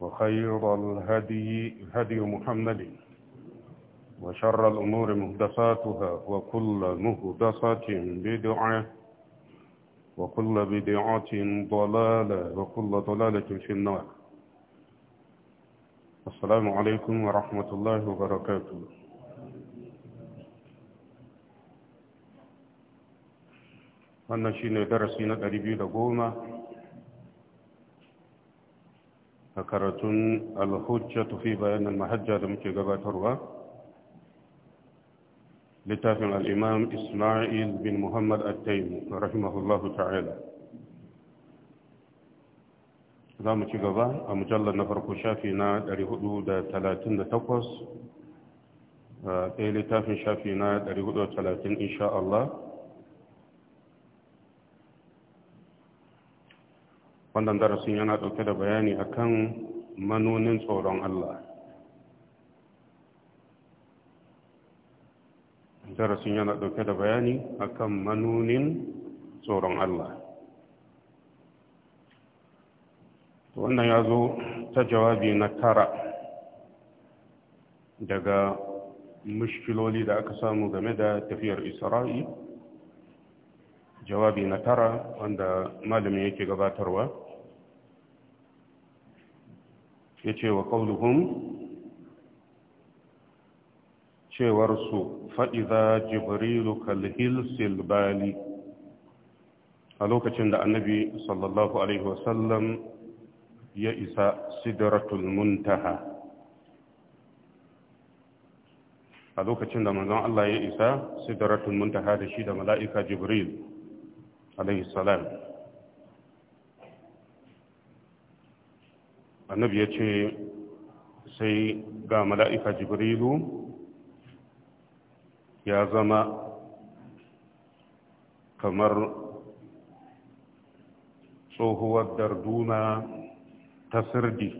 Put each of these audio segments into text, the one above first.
وخير الهدي هدي محمد وشر الأمور مهدساتها وكل مهدسة بدعة وكل بدعة ضلالة وكل ضلالة في النار السلام عليكم ورحمة الله وبركاته wannan shine darasi na 210 a karatun alhujja tufi bayanin mahajja da muke gabatarwa littafin al'imam ismail bin muhammad al-taimu rahimahullahu ta'ala za mu ci gaba a mujallar na farko shafi na 438 ɗaya littafin shafi na 430 insha Allah wannan darasin yana ɗauke da bayani akan manonin tsoron Allah darasin yana ɗauke da bayani akan manonin tsoron Allah wannan ya zo ta jawabi na tara daga mushkiloli da aka samu game da tafiyar isra'i jawabi na tara wanda malamin yake gabatarwa ya ce wa ƙauluhun cewarsu fa'iza jibrilu kalhil silbali a lokacin da annabi sallallahu alaihi wasallam ya isa sidratul muntaha a lokacin da manzon Allah ya isa sidratul muntaha da shi da mala'ika jibril alaihi salam annabi ya ce sai ga mala'ika jibrilu ya zama kamar tsohuwar darduna ta sirdi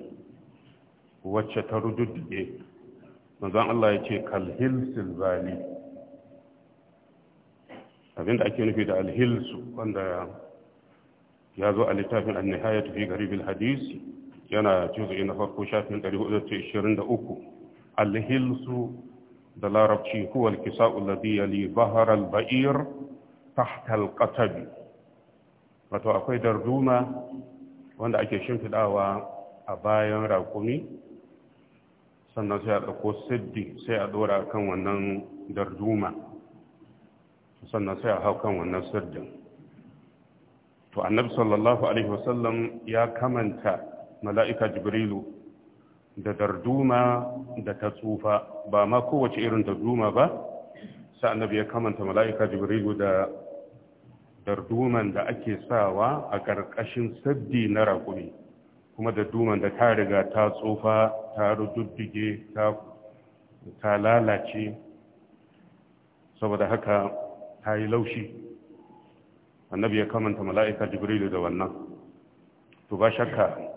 wacce ta rududdige mazan Allah ya ce kalhil silvani abinda ake nufi da alhilsu wanda ya zo a littafin annihayatu fi garibin hadisi yana juzu'i na farko shafin 423 alhilsu da larabci huwa alkisa'u alladhi yali bahar ba'ir, tahta alqatab wato akwai darduma wanda ake shimfidawa a bayan raƙumi sannan sai a ɗauko siddi sai a ɗora kan wannan darduma sannan sai a hau kan wannan siddin. to annabi sallallahu alaihi wasallam ya kamanta mala'ika jibrilu da darduma da ta tsufa ba ma kowace irin darduma ba sa annabi ya kamanta mala'ika jibrilu da darduman da ake sawa a ƙarƙashin saddi na raƙumi kuma darduman da ta riga ta tsufa ta rududdige ta lalace saboda haka ta yi laushi annabi ya kamanta mala'ika jibrilu da wannan to ba shakka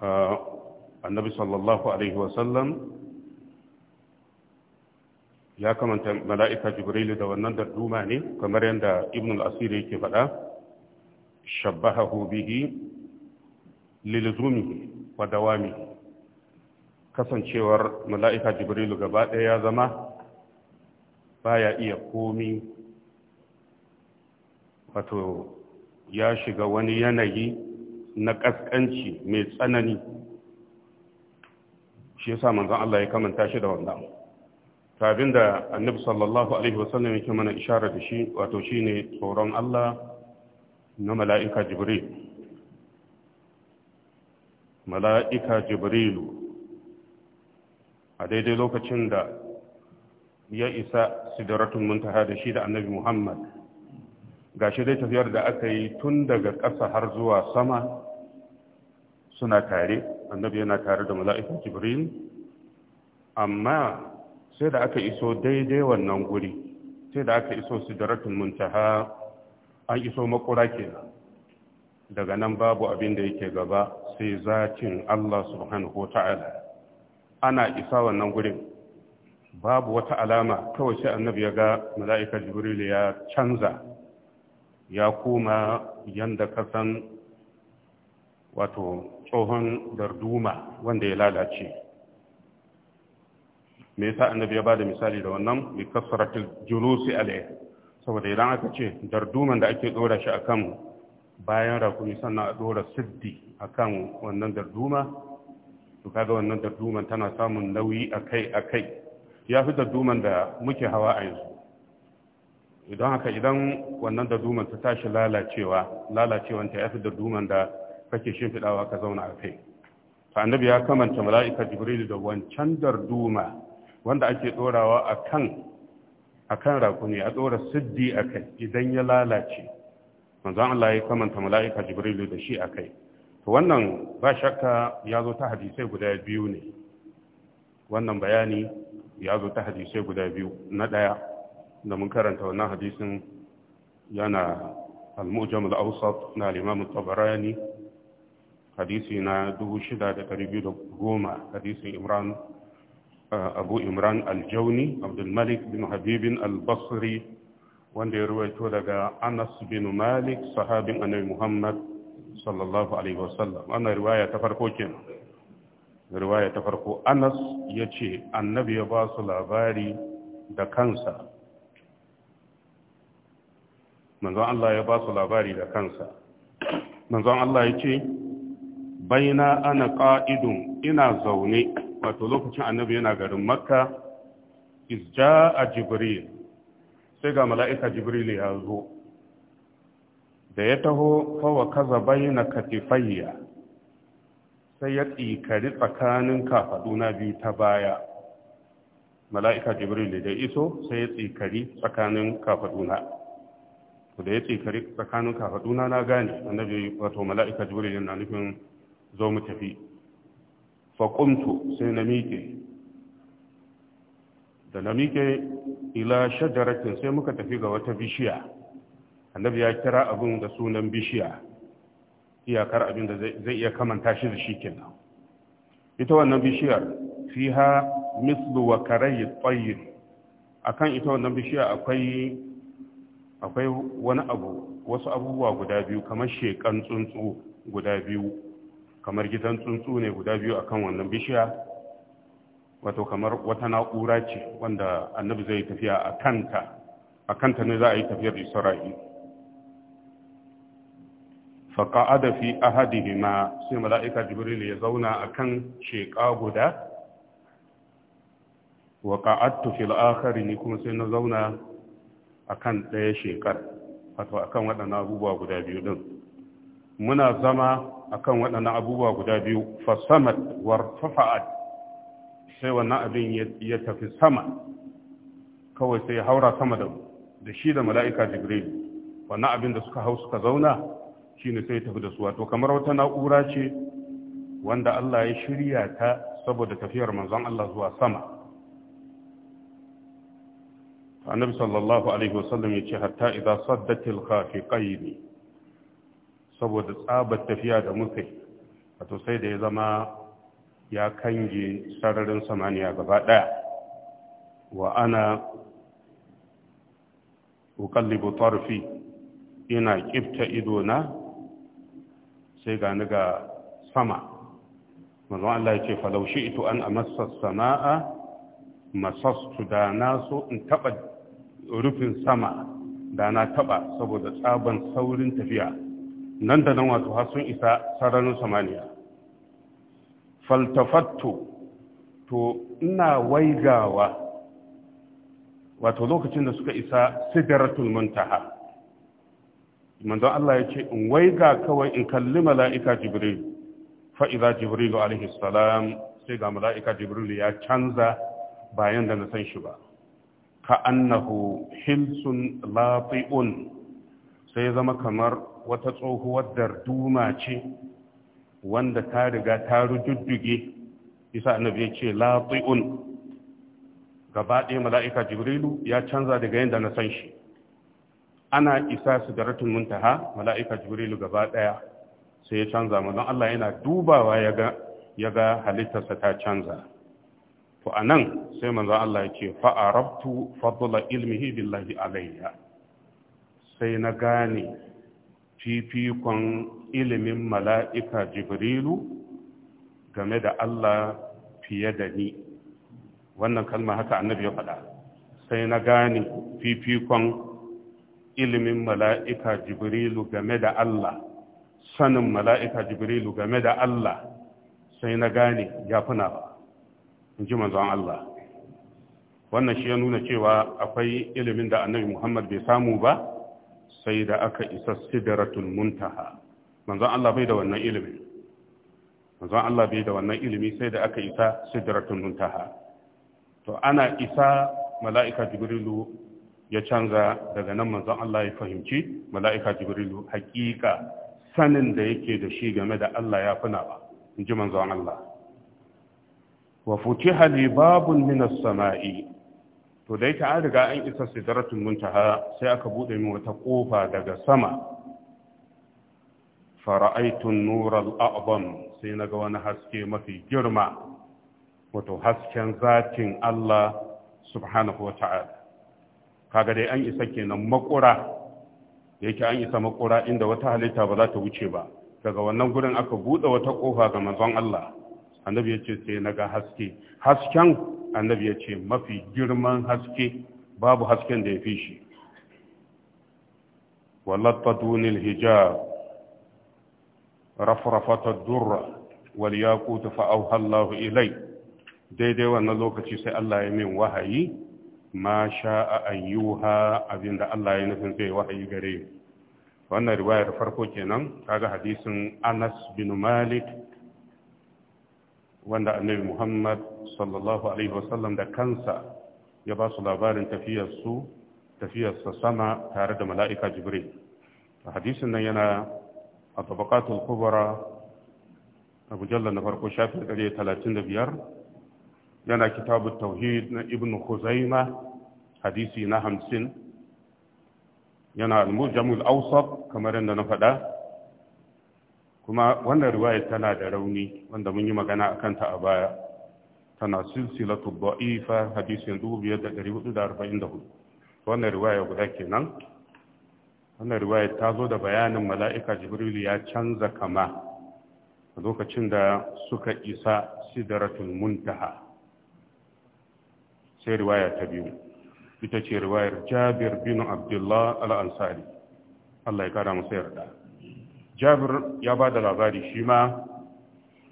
annabi sallallahu alaihi wasallam ya kamanta mala'ika jibrilu da wannan darduma ne kamar yadda ibn al-asir yake faɗa Shabbaha bihi lilzumihi wa dawami kasancewar mala'ika jibrilu gaba ɗaya ya zama baya iya komi wato ya shiga wani yanayi na ƙasƙanci mai tsanani shi yasa manzon Allah ya kamanta shi da wannan tabin da annabi sallallahu alaihi wasallam yake mana isharar da shi wato shine tsoron Allah na mala'ika jibril mala'ika jibrilu a daidai lokacin da ya isa sidaratun muntaha da shi da annabi muhammad gashi dai tafiyar da aka yi tun daga ƙasa har zuwa sama suna tare annabi yana tare da mala'ika jibril amma sai da aka iso daidai wannan guri sai da aka iso sidratul muntaha an iso makura kenan daga nan babu abin da yake gaba sai zatin Allah subhanahu wata'ala ana isa wannan gurin babu wata alama kawai sai annabi ya ga mala'ikar jibril ya canza ya koma yanda kasan wato tsohon darduma wanda ya lalace me yasa annabi ya bada misali da wannan bi kasratil julusi alayh saboda idan aka ce darduman da ake dora shi akan bayan rakumi sannan a dora siddi akan wannan darduma to kaga wannan darduman tana samun nauyi akai akai ya fi darduman da muke hawa a yanzu idan haka idan wannan darduman ta tashi lalacewa lalacewanta ya fi darduman da kake shimfiɗawa ka zauna a kai to annabi ya kamanta mala'ika jibril da wancan darduma wanda ake ɗorawa a kan a kan rakuni a ɗora siddi a kai idan ya lalace manzon Allah ya kamanta mala'ika jibril da shi a kai to wannan ba shakka ya zo ta hadisai guda biyu ne wannan bayani ya zo ta hadisai guda biyu na ɗaya da mun karanta wannan hadisin yana al-mujam al-awsat na al-imam tabarani hadisi na goma. hadisin imran uh, abu imran aljauni abdulmalik bin habibin albasri wanda ya ruwaito daga anas bin malik sahabin annabi muhammad sallallahu alaihi wasallam wannan riwaya ta farko kenan riwaya ta farko anas ya ce annabi ya ba labari da kansa manzon Allah ya ba su labari da kansa manzon Allah ya ce baina ana ƙa'idun ina zaune wato lokacin annabi yana garin makka isja a jibril sai ga mala'ika jibril ya zo da ya taho fawa kaza baina katifayya sai ya tsikari tsakanin kafaduna biyu ta baya mala'ika jibril da iso sai ya tsikari tsakanin kafaduna da ya tsikari tsakanin kafaduna na gane annabi wato mala'ika jibril na nufin zo mu tafi faƙumtu sai na miƙe da na miƙe ila shajaratin sai muka tafi ga wata bishiya annabi ya kira abin da sunan bishiya iyakar abin da zai iya kamanta shi da shi kenan ita wannan bishiyar fiha mislu wa karayi tsayin akan ita wannan bishiya akwai akwai wani abu wasu abubuwa guda biyu kamar shekan tsuntsu guda biyu kamar gidan tsuntsu ne guda biyu a kan wannan bishiya wato kamar wata na'ura ce wanda annabi zai tafiya a kanta a kanta ne za a yi tafiyar isra'i faƙa'ada fi ma sai mala'ika jibril ya zauna a kan sheƙa guda wa ƙa'attu fil ne kuma sai na zauna a kan ɗaya sheƙar wato a kan waɗannan abubuwa guda biyu ɗin muna zama akan waɗannan abubuwa guda biyu fasamat warfafa'at sai wannan abin ya tafi sama kawai sai ya haura sama da shi da mala'ika jibril wannan abin da suka hau suka zauna shi ne sai tafi da su wato kamar wata na'ura ce wanda Allah ya shirya ta saboda tafiyar manzon Allah zuwa sama annabi sallallahu alaihi wasallam ya ce hatta idza saddatil khafiqaini saboda tsabar tafiya da muka yi wato sai da ya zama ya kange sararin samaniya gaba ɗaya wa ana ukallibu tarfi ina kifta idona sai gani ga sama mazan Allah ya ce falaushi ito an a masar sana'a masastu da na so in taɓa rufin sama da na taɓa saboda tsaban saurin tafiya nan da nan wato har sun isa sararin samaniya faltafattu to ina waigawa wato lokacin da suka isa sidratul muntaha manzon Allah ya ce in waiga kawai in kalli mala'ika jibril fa idza jibril alaihi salam sai ga mala'ika jibril ya canza bayan da na san shi ba ka annahu hilsun lati'un sai ya zama kamar wata tsohuwar darduma ce wanda ta riga ta rujujjuge isa annabi ya ce latsi'un gaba ɗaya mala'ika jibrilu ya canza daga yadda na san shi ana isa su da ratun muntaha mala'ika jibrilu gaba ɗaya sai ya canza mu don Allah yana dubawa ya ga halittarsa ta canza to a nan sai manzon Allah ya ce fa'arabtu fadla ilmihi billahi alayya sai na gane fifikon ilimin mala'ika jibrilu game da Allah fiye da ni wannan kalma haka annabi ya faɗa sai na gane fifikon ilimin mala'ika jibrilu game da Allah sanin mala'ika jibrilu game da Allah sai na gane ya na ba in ji manzon Allah wannan shi ya nuna cewa akwai ilimin da annabi Muhammad bai samu ba sai da aka isa sidratul muntaha manzon Allah bai da wannan ilimi manzon Allah bai da wannan ilimi sai da aka isa sidratul muntaha to ana isa mala'ika jibrilu ya canza daga nan manzon Allah ya fahimci mala'ika jibrilu hakika sanin da yake da shi game da Allah ya fi nawa in ji manzon Allah wa futiha li babun min as-sama'i to da yake an riga an isa sidratul muntaha sai aka bude min wata kofa daga sama fara'aitun nural a'zam sai naga wani haske mafi girma wato hasken zatin Allah subhanahu wa ta'ala kaga dai an isa kenan makura yake an isa makura inda wata halitta ba za ta wuce ba daga wannan gurin aka bude wata kofa ga manzon Allah annabi yace sai naga haske hasken annabi ya ce mafi girman haske babu hasken da ya fi shi walatta hijab rafrafata durra wal yaqutu fa ilai daidai wannan lokaci sai Allah ya min wahayi ma sha'a an abinda Allah ya nufin zai wahayi gare ni wannan riwayar farko kenan kaga hadisin Anas bin Malik wanda annabi Muhammad sallallahu alaihi wasallam da kansa ya ba su labarin tafiyarsu tafiyarsa sama tare da mala'ika jibril hadisin nan yana a tabakatul kubara a na farko shafi biyar. yana kitabu tauhid na ibn khuzaima hadisi na hamsin yana al-mujamul awsat kamar yadda na faɗa kuma wannan riwayar tana da rauni wanda mun yi magana a kanta a baya tana silsilatu da'ifa hadisin 2444 wannan riwaya guda kenan wannan riwaya ta zo da bayanin mala'ika jibrilu ya canza kama A lokacin da suka isa sidaratul muntaha sai riwaya ta biyu ita ce riwayar jabir bin abdullah al'ansari Allah ya kara masa yarda jabir ya ba da labari shi ma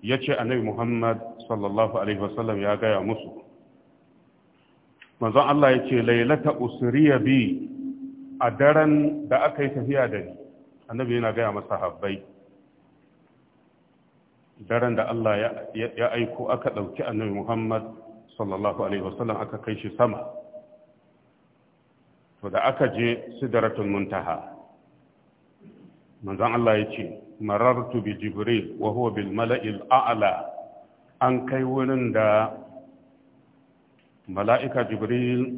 ya ce annabi muhammad sallallahu alaihi wasallam ya gaya musu manzon Allah ya ce lailata usriya bi a daren da aka yi tafiya da ni annabi yana gaya masa habbai daren da Allah ya aiko aka ɗauki annabi Muhammad sallallahu alaihi wasallam aka kai shi sama to da aka je sidratul muntaha manzon Allah ya ce marartu bi jibril wa huwa bil mala'il a'la an kai wurin da mala'ika jibril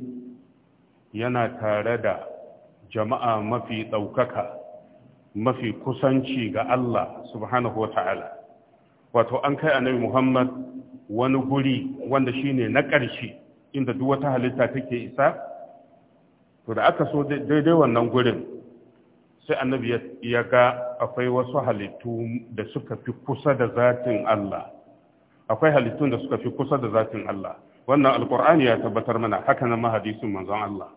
yana tare da jama'a mafi ɗaukaka mafi kusanci ga Allah subhanahu wa ta'ala wato an kai annabi muhammad wani guri wanda shine na ƙarshe inda duk wata halitta take isa to da aka so daidai wannan gurin sai annabi ya ga akwai wasu halittu da suka fi kusa da zatin Allah akwai halittun da suka fi kusa da zafin Allah wannan alkur'ani ya tabbatar mana haka nan ma Allah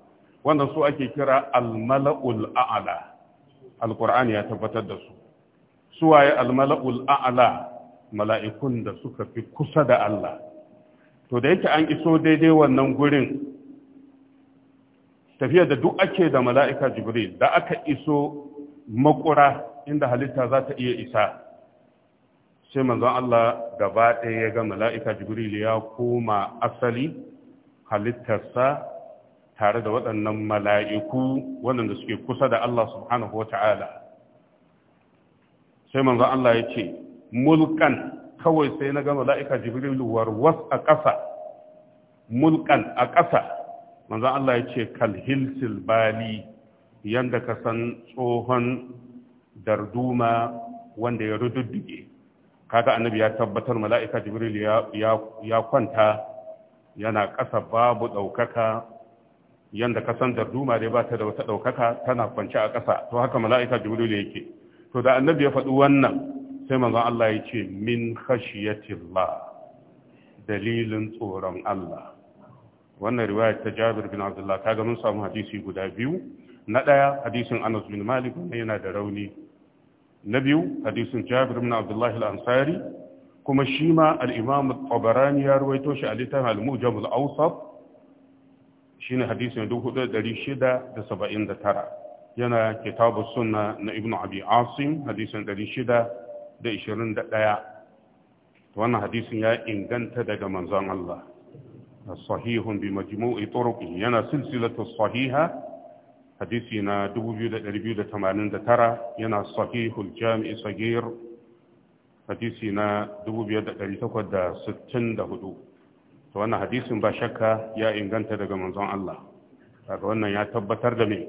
wannan su ake kira almala'ul malaul alkur'ani ya tabbatar da su su al-mala'ul aala mala'ikun da suka fi kusa da Allah to da yake an iso daidai wannan gurin tafiya da duk ake da mala'ika jibril da aka iso makura inda halitta za ta iya isa sai manzon Allah gaba ɗaya ya ga mala'ika jibril ya koma asali halittarsa tare da waɗannan mala'iku waɗanda suke kusa da Allah subhanahu wa ta'ala sai manzon Allah ya ce mulkan kawai sai na ga mala'ika jibril warwas a ƙasa mulkan a ƙasa manzon Allah ya ce kalhilsil bali yanda ka san tsohon darduma wanda ya rududdige kaga annabi ya tabbatar mala'ika jibril ya kwanta yana ƙasa babu ɗaukaka Yadda ka san darduma dai ba ta da wata ɗaukaka tana kwance a ƙasa to haka mala'ika jibril yake to da annabi ya faɗi wannan sai manzon Allah ya ce min khashiyatillah dalilin tsoron Allah wannan riwayar ta Jabir bin Abdullah kaga mun samu hadisi guda biyu na ɗaya hadisin Anas bin Malik yana da rauni na biyu hadisin jabir ibn Abdullahi al-ansari kuma shi ma al-imam al tabarani ya ruwaito shi a littafin al-mujam al-awsat shine hadisin 4679 yana kitabu sunna na ibn abi asim hadisin 621 wannan hadisin ya inganta daga manzon Allah sahihun bi majmu'i turuqihi yana silsilatu sahiha hadisi na 2289 yana sahihul jami'i sagir hadisi na 2864 to wannan hadisin ba shakka ya inganta daga manzon Allah daga wannan ya tabbatar da mai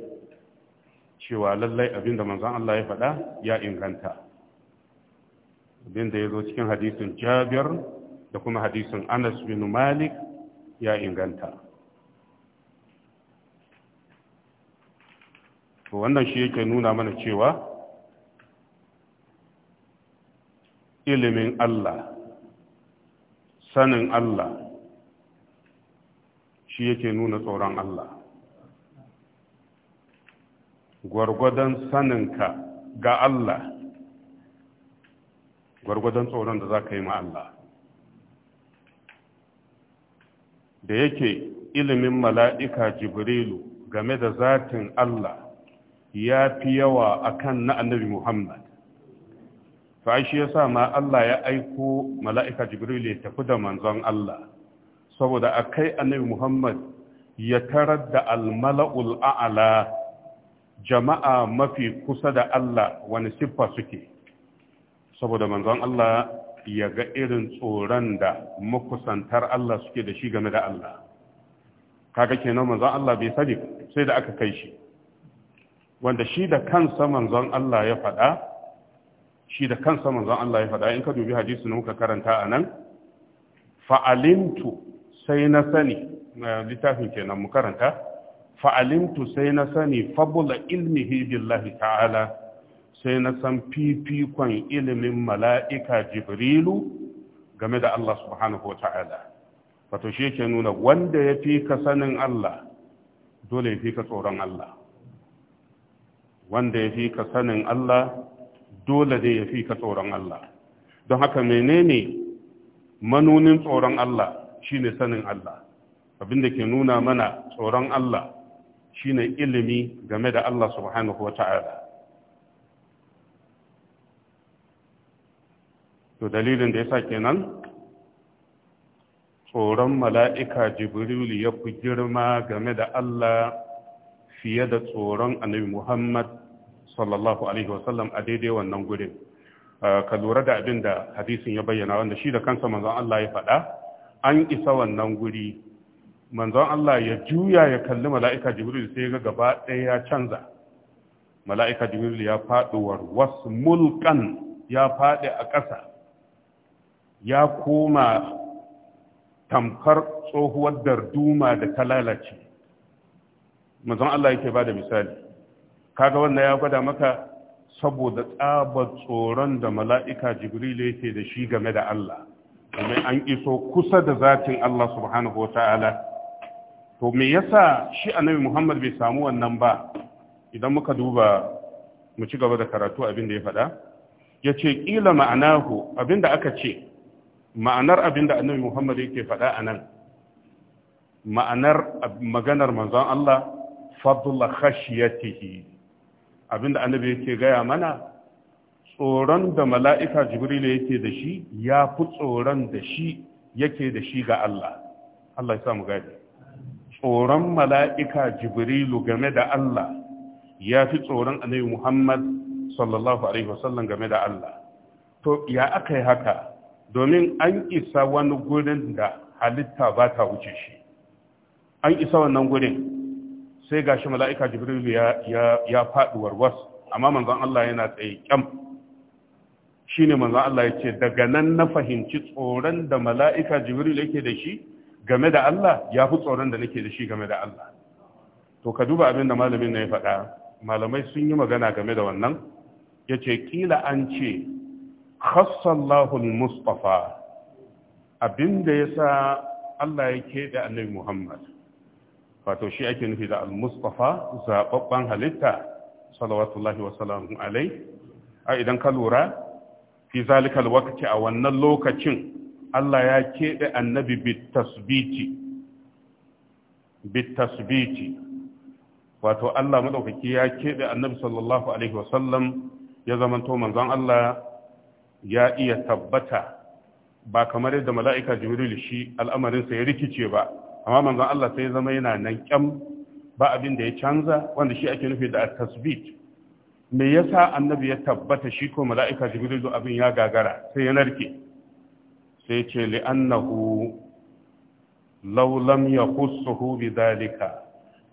cewa lallai abinda manzon Allah ya faɗa ya inganta abinda ya zo cikin hadisin jabir da kuma hadisin anas bin malik ya inganta to wannan shi yake nuna mana cewa ilimin Allah sanin Allah shi yake nuna tsoron Allah gwargwadon saninka ga Allah gwargwadon tsoron da za ka yi ma Allah da yake ilimin mala'ika jibrilu game da zatin Allah ya fi yawa a kan na annabi Muhammad fa shi yasa ma Allah ya aiko mala'ika Jibril ya tafi da manzon Allah saboda a kai annabi Muhammad ya tarar da almala'ul a'ala jama'a mafi kusa da Allah wani siffa suke saboda manzon Allah ya ga irin tsoron da makusantar Allah suke da shi game da Allah kaga kenan manzon Allah bai sani sai da aka kai shi wanda shi da kansa manzon Allah ya faɗa shi da kansa manzon Allah ya faɗa in ka dubi hadisi na muka karanta a nan fa'alimtu sai na sani littafin kenan mu karanta fa'alimtu sai na sani fabula ilmihi billahi ta'ala sai na san fifikon ilimin mala'ika jibrilu game da Allah subhanahu wa ta'ala wato shi yake nuna wanda ya fi ka sanin Allah dole ya fi ka tsoron Allah wanda ya fi ka sanin Allah dole ne ya fi ka tsoron Allah don haka menene manunin tsoron Allah shine sanin Allah abinda ke nuna mana tsoron Allah shine ilimi game da Allah subhanahu wa ta'ala to dalilin da ya sa kenan tsoron mala'ika jibrilu ya fi girma game da Allah fiye da tsoron annabi Muhammad sallallahu alaihi wasallam a daidai wannan gurin uh, ka lura da abin da hadisin ya bayyana wanda shi da kansa manzon Allah ya faɗa an isa wannan guri manzon Allah ya juya ya kalli mala'ika Jibril sai ga gaba ɗaya ya canza mala'ika Jibril ya faɗuwar wasu mulkan ya faɗi a ƙasa ya koma tamkar tsohuwar darduma da ta lalace manzon Allah yake bada misali kaga wannan ya gwada maka saboda tsabar tsoron da mala'ika jibril yake da shi game da Allah kuma an iso kusa da zatin Allah subhanahu ta'ala? to me yasa shi annabi Muhammad bai samu wannan ba idan muka duba mu ci gaba da karatu abin da ya faɗa ya ce ƙila ma'anahu abin da aka ce ma'anar abin da annabi Muhammad yake faɗa a nan ma'anar maganar manzon Allah fadla khashiyatihi abinda annabi yake gaya mana tsoron da mala'ika jibril yake da shi ya fi tsoron da shi yake da shi ga Allah Allah ya samu gadi tsoron mala'ika jibrilu game da Allah ya fi tsoron annabi Muhammad sallallahu alaihi wasallam game da Allah to ya aka yi haka domin an isa wani gurin da halitta ba ta wuce shi an isa wannan gurin sai gashi mala'ika jibril ya faɗiwar ya faɗi warwas amma manzon Allah yana tsaye kyam shine manzan Allah ya ce daga nan na fahimci tsoron da mala'ika jibril yake da shi game da Allah ya fi tsoron da nake da shi game da Allah to ka duba abin da malamin na ya faɗa malamai sun yi magana game da wannan ya ce ƙila an ce khassallahu mustafa ya sa Allah ya keɓe annabi Muhammad wato shi ake nufi da al-mustafa zababban halitta salawatullahi wa salamun alai a idan ka lura fi zalikal waqti a wannan lokacin Allah ya keɓe annabi bitasbiti bitasbiti wato Allah madaukaki ya keɓe annabi sallallahu alaihi wa sallam ya zamanto manzon Allah ya iya tabbata ba kamar yadda mala'ika jibril shi al'amarinsa ya rikice ba amma manzon Allah sai zama yana nan kyam ba abin da ya canza wanda shi ake nufi da tasbih me yasa annabi ya tabbata shi ko mala'ika jibrilu abin ya gagara sai ya narke sai ce li'annahu law lam yakhussuhu bidhalika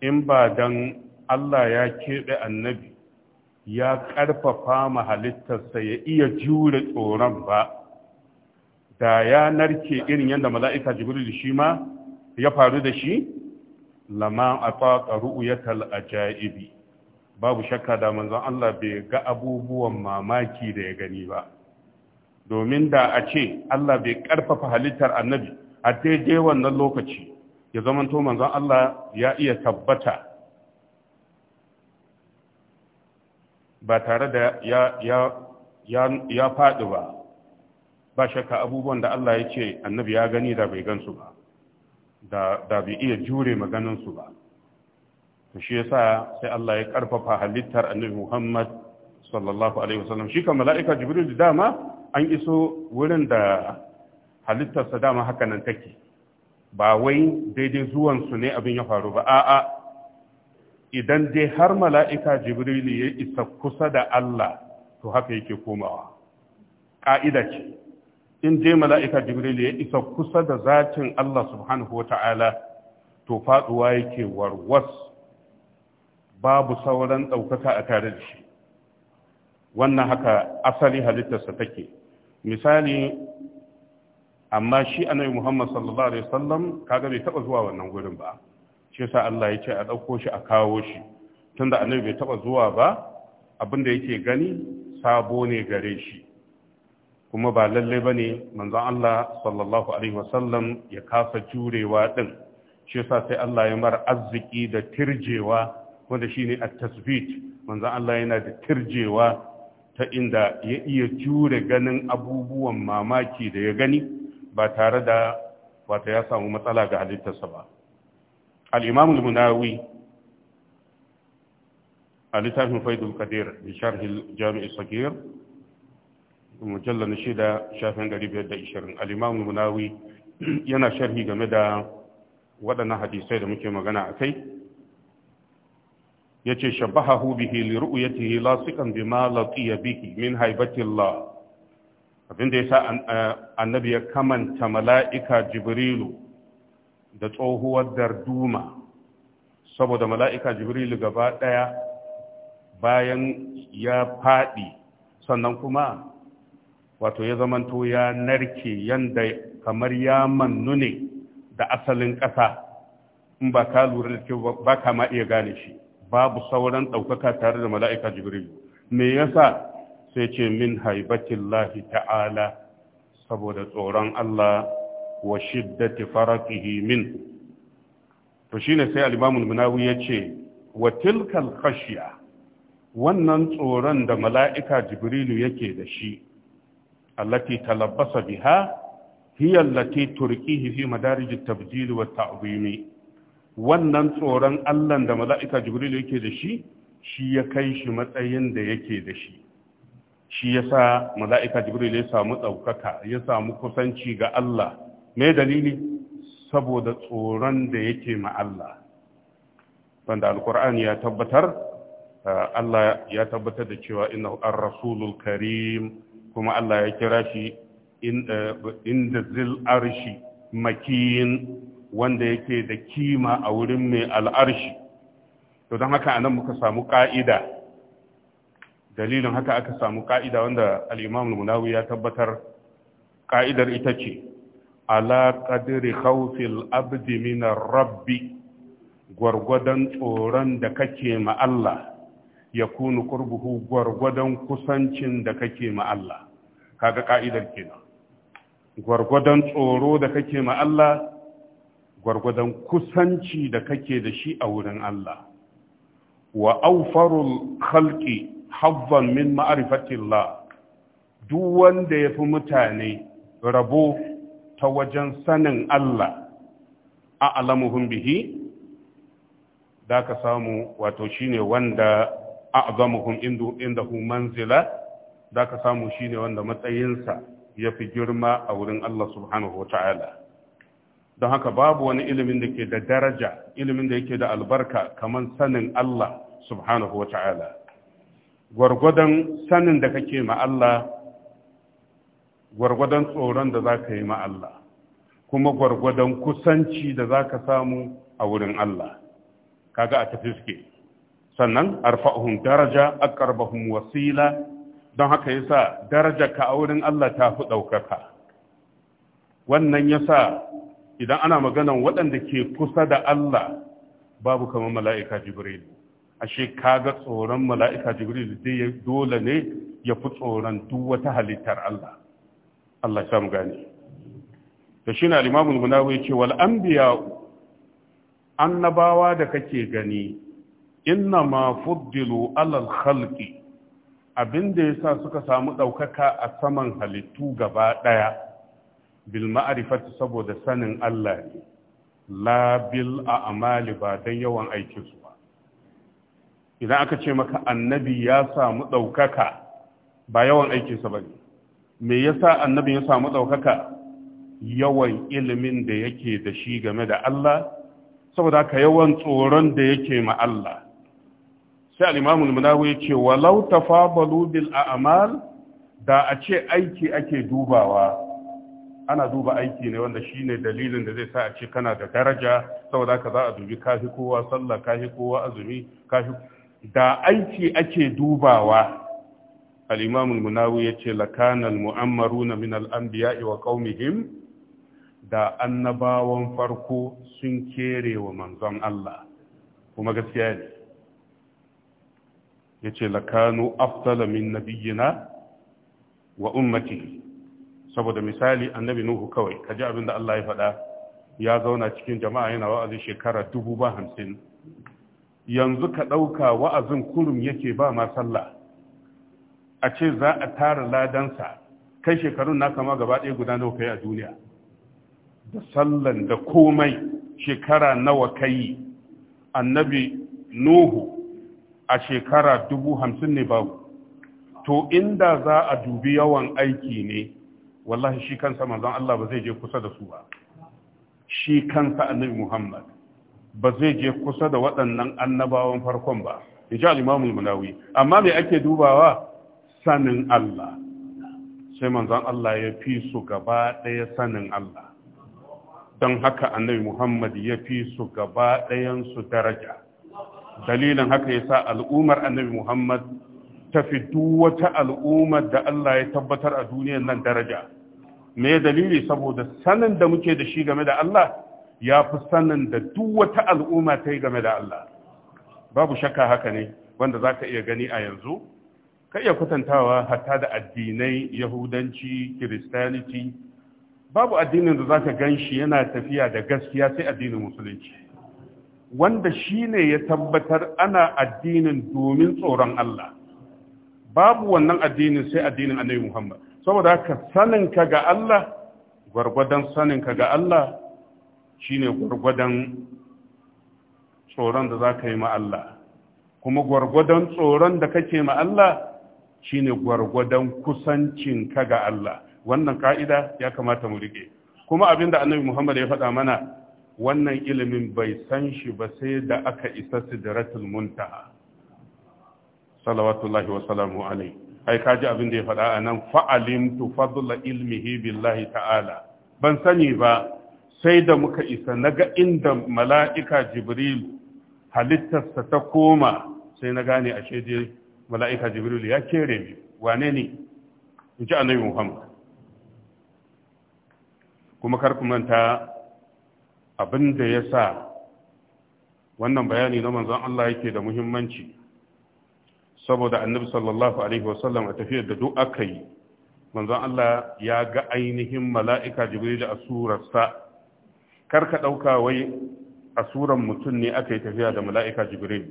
in ba dan Allah ya keɓe annabi ya ƙarfafa ma halittarsa ya iya jure tsoron ba da ya narke irin yadda mala'ika jibril shi ma ya faru da shi lama ya ru'yatal ajaibi babu shakka da manzan Allah bai ga abubuwan mamaki da ya gani ba domin da a ce Allah bai ƙarfafa halittar annabi a daidai wannan lokaci ya zamanto manzan Allah ya iya tabbata ba tare da ya ya ya faɗi ba ba shakka abubuwan da Allah ya ce annabi ya gani da bai gansu ba da bai iya jure maganansu ba to shi yasa sai Allah ya karfafa halittar annabi Muhammad sallallahu alaihi wasallam shi kan mala'ika jibril dama an iso wurin da halittarsa dama haka nan take ba wai daidai zuwansu ne abin ya faru ba a'a idan dai har mala'ika jibril ya isa kusa da Allah to haka yake komawa ƙa'ida ce in je mala'ika jibril ya isa kusa da zakin Allah subhanahu wa ta'ala to faɗuwa yake warwas babu sauran ɗaukaka a tare da shi wannan haka asali halittarsa take misali amma shi annabi Muhammad sallallahu alaihi wasallam kaga bai taɓa zuwa wannan gurin ba shi yasa Allah ya ce a ɗauko shi a kawo shi tunda annabi bai taɓa zuwa ba abinda da yake gani sabo ne gare shi kuma ba lalle ne, manzon Allah sallallahu alaihi wasallam ya kasa jurewa ɗin, shi yasa sai Allah ya mara arziki da tirjewa wanda ne a tasbit manzon Allah yana da tirjewa ta inda ya iya jure ganin abubuwan mamaki da ya gani ba tare da wata ya samu matsala ga halittarsa ba al munawi a littafin faidul qadir da sharh al-jami' mujallar shida shafin ishirin. al'imamu munawi yana sharhi game da waɗannan hadisai da muke magana a kai ya ce shabahahu bihi li ru'yatihi lasiqan bima laqiya bihi min haibatillah abinda yasa eh, annabi ya kamanta mala'ika jibrilu da tsohuwar darduma saboda mala'ika jibrilu gaba ɗaya bayan ya faɗi sannan kuma wato ya zamanto ya narke yanda kamar ya mannu ne da asalin ƙasa in ba ka lura da cewa ba ka ma iya gane shi babu sauran ɗaukaka tare da mala'ika jibrilu me yasa sai ce min haibatillahi ta'ala saboda tsoron Allah wa shiddati faraqihi min to shine sai al-Imam ya ce, yace wa tilkal khashya wannan tsoron da mala'ika jibrilu yake da shi allati talabasa biha hiya allati turqihi fi madarij at-tabdil wannan tsoron Allah da mala'ika Jibril yake da shi shi ya kai shi matsayin da yake da shi shi yasa mala'ika Jibril ya samu tsaukaka, ya samu kusanci ga Allah me dalili saboda tsoron da yake ma Allah wanda alkur'ani ya tabbatar uh, Allah ya tabbatar da cewa inna an rasulul karim kuma Allah ya kira shi eh, inda zil arshi makiyin wanda yake da kima a wurin mai al'arshi to don haka anan muka samu ƙa'ida, dalilin haka aka samu ƙa'ida wanda al’imamun munawi ya tabbatar ƙa'idar ita ce ala ƙadiri haufin abdi rabbi gwargwadon tsoron da kake ma Allah ya kunu kurbuhu gwargwadon kusancin da kake ma Allah kaga ka'idar kenan gwargwadon tsoro da kake ma Allah gwargwadon kusanci da kake da shi a wurin Allah wa aufarul khalqi habban min ma'rifatillah duk wanda yafi mutane rabo ta wajen sanin Allah a alamuhum bihi da ka samu wato shine wanda inda indahu manzila Zaka ka samu shi ne wanda matsayinsa ya fi girma a wurin Allah subhanahu wa ta'ala. Don haka babu wani ilimin da ke da daraja, ilimin da yake da albarka kamar sanin Allah subhanahu wa ta'ala. Gwargwadon sanin da kake ma Allah, gwargwadon tsoron da za ka yi ma Allah, kuma gwargwadon kusanci da za ka samu a wurin Allah. Kaga a tafi suke. Sannan, arfa'uhum daraja, akarabahum wasila, don haka yasa darajarka a wurin Allah ta fi ɗaukaka wannan yasa idan ana maganan waɗanda ke kusa da Allah babu kamar mala'ika Jibril ashe kaga tsoron mala'ika Jibril dai dole ne ya fi tsoron duk wata halittar Allah Allah ya samu gane. da shi na limamun munawa ya ce wal anbiya annabawa da kake gani inna ma fuddilu alal khalqi abin da ya sa suka samu ɗaukaka a saman halittu gaba ɗaya bil ma'arifati saboda sanin Allah ne la bil a amali ba don yawan aikinsu ba idan aka ce maka annabi ya samu ɗaukaka ba yawan aikinsa ba bane me yasa annabi ya samu ɗaukaka yawan ilimin da yake da shi game da Allah saboda ka yawan tsoron da yake ma Allah sai al-imamu al-munawi yace walau tafabalu bil a'mal da a ce aiki ake dubawa ana duba aiki ne wanda shine dalilin da zai sa a ce kana da daraja saboda ka za a dubi kafi kowa sallah kafi kowa azumi kafi da aiki ake dubawa al-imamu al-munawi yace lakana al-mu'ammaruna min al-anbiya'i wa da annabawan farko sun kere wa manzon Allah kuma gaskiya ne yace lakanu afdala min nabiyyina wa ummati saboda misali annabi nuhu kawai kaji abin da Allah ya faɗa ya zauna cikin jama'a yana wa'azi shekara dubu ba hamsin yanzu ka ɗauka wa'azin kurum yake ba ma sallah a ce za a tara ladansa kai shekarun na kama gaba ɗaya guda nawa kai a duniya da sallan da komai shekara nawa kai annabi nuhu a shekara dubu hamsin ne babu to inda za a dubi yawan aiki ne wallahi shi kansa manzon Allah ba zai je kusa da su ba shi kansa annabi Muhammad ba zai je kusa da waɗannan annabawan farkon ba in ji al'imamul munawi amma mai ake dubawa sanin Allah sai manzon Allah ya fi su gaba ɗaya sanin Allah don haka annabi Muhammad ya fi su gaba ɗayan su daraja dalilin haka ya sa al'ummar annabi Muhammad ta fitu wata al'ummar da Allah ya tabbatar a duniyar nan daraja me dalili saboda sanin da muke da shi game da Allah ya fi sanin da duk wata al'umma ta yi game da Allah babu shakka haka ne wanda za ka iya gani a yanzu ka iya kwatantawa hatta da addinai yahudanci kiristaniti babu addinin da za ka gan shi yana tafiya da gaskiya sai addinin musulunci wanda shine ya tabbatar ana addinin domin tsoron Allah babu wannan addinin sai addinin annabi Muhammad saboda haka ka ga Allah gwargwadon ka ga Allah shine gwargwadon tsoron da za ka yi ma Allah kuma gwargwadon tsoron da kake ma Allah shine gwargwadon ka ga Allah wannan ka'ida ya kamata mu rike kuma abinda annabi Muhammad ya faɗa mana wannan ilimin bai san shi ba sai da aka isa sidratul muntaha salawatullahi wa salamu alai ai kaji abin da ya faɗa a nan tu fadula ilmihi billahi ta'ala ban sani ba sai da muka isa naga inda mala'ika jibril halittarsa ta koma sai na gane ashe dai mala'ika jibril ya kere ni wane ne in ji annabi muhammad kuma kar ku manta abin da ya sa wannan bayani na manzon Allah yake da muhimmanci saboda annabi sallallahu alaihi wasallam a tafiyar da duk aka yi manzon Allah ya ga ainihin mala'ika jibril a surarsa karka ɗauka wai a mutum ne aka yi tafiya da mala'ika jibril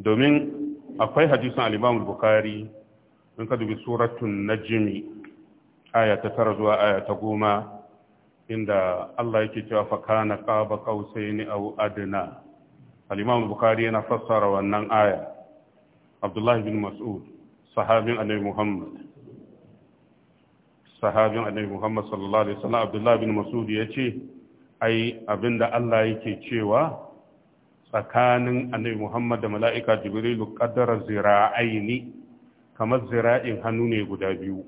domin akwai hadisun alimamun bukari in ka dubi suratun na aya ta tara zuwa aya goma inda Allah yake cewa fa kana qaba qausaini aw adna al-imam bukhari yana fassara wannan aya abdullah bin mas'ud sahabin annabi muhammad sahabin annabi muhammad sallallahu alaihi wasallam abdullah bin mas'ud yace ai abinda Allah yake cewa tsakanin annabi Muhammad da mala'ika Jibrilu qaddara zira'aini kamar zira'in hannu ne guda biyu.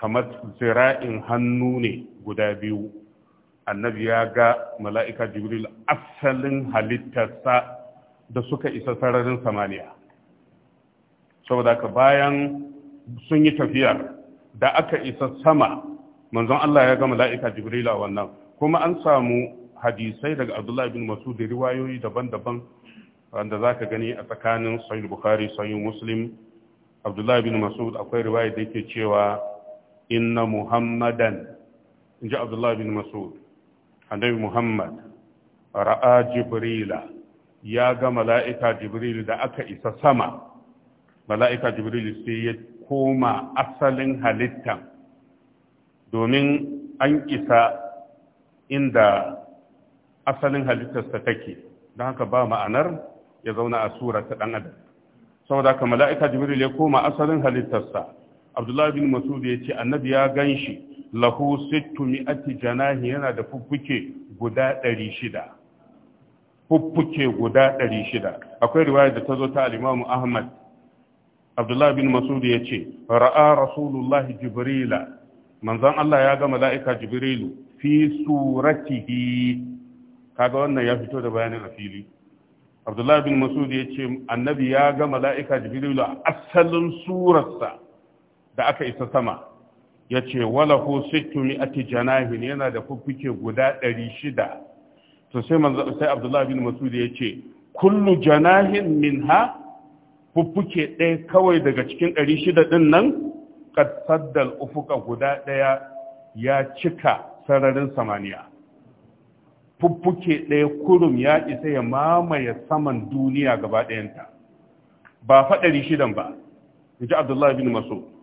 kamar zira'in hannu ne guda biyu annabi ya ga mala'ika jibril asalin halittarsa da suka isa sararin samaniya saboda ka bayan sun yi tafiyar da aka isa sama manzon Allah ya ga mala'ika jibril a wannan kuma an samu hadisai daga abdullahi bin masud da riwayoyi daban-daban wanda za ka gani a tsakanin sahih bukhari sahih muslim abdullahi bin masud akwai riwaya da yake cewa inna muhammadan in ji abdullah bin masud annabi muhammad ra'a jibrila ya ga mala'ika jibril da aka isa sama mala'ika jibril sai ya koma asalin halittan domin an isa inda asalin halittarsa take don haka ba ma'anar ya zauna a sura ta ɗan adam saboda haka mala'ika jibril ya koma asalin halittarsa abdullahi bin masud ya ce annabi ya gan shi lahu sittu mi'ati janahi yana da fuffuke guda ɗari fuffuke guda 600 akwai riwaya da ta zo ta alimamu ahmad abdullahi bin masud ya ce ra'a rasulullahi jibrila manzon allah ya ga mala'ika jibrilu fi suratihi kaga wannan ya fito da bayanin a fili abdullahi bin masud ya ce annabi ya ga mala'ika jibrilu a asalin surarsa da aka isa sama ya ce walahu sittu mi'ati janahin yana da fuffuke guda ɗari shida to sai manzo sai Abdullah bin Mas'ud ya ce kullu janahin minha fuffuke ɗaya kawai daga cikin ɗari shida ɗin nan kad saddal ufuka guda ɗaya ya cika sararin samaniya fuffuke ɗaya kurum ya isa ya mamaye saman duniya gaba ɗayanta ba faɗari shidan ba in ji Abdullahi bin Mas'ud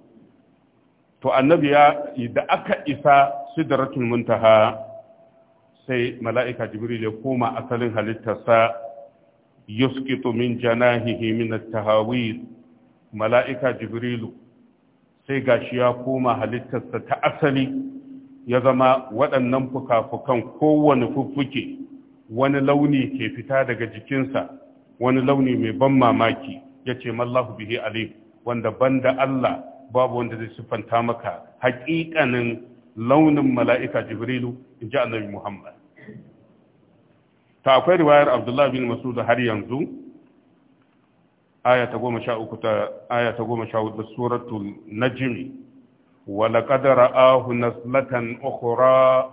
to annabi ya da aka isa sidratul muntaha sai mala'ika jibril ya koma asalin halittarsa yusqitu min janahihi min at-tahawid mala'ika jibrilu sai gashi ya koma halittarsa ta asali ya zama waɗannan fukafukan fukan kowane fuffuke wani launi ke fita daga jikinsa wani launi mai ban mamaki ya ce mallahu bihi alim wanda banda Allah babu wanda zai siffanta maka haƙiƙanin launin mala'ika jibrilu in ji annabi muhammad ta akwai riwayar abdullahi bin masud har yanzu aya ta goma sha uku ta aya ta hudu suratul najmi wa laqad ra'ahu naslatan ukhra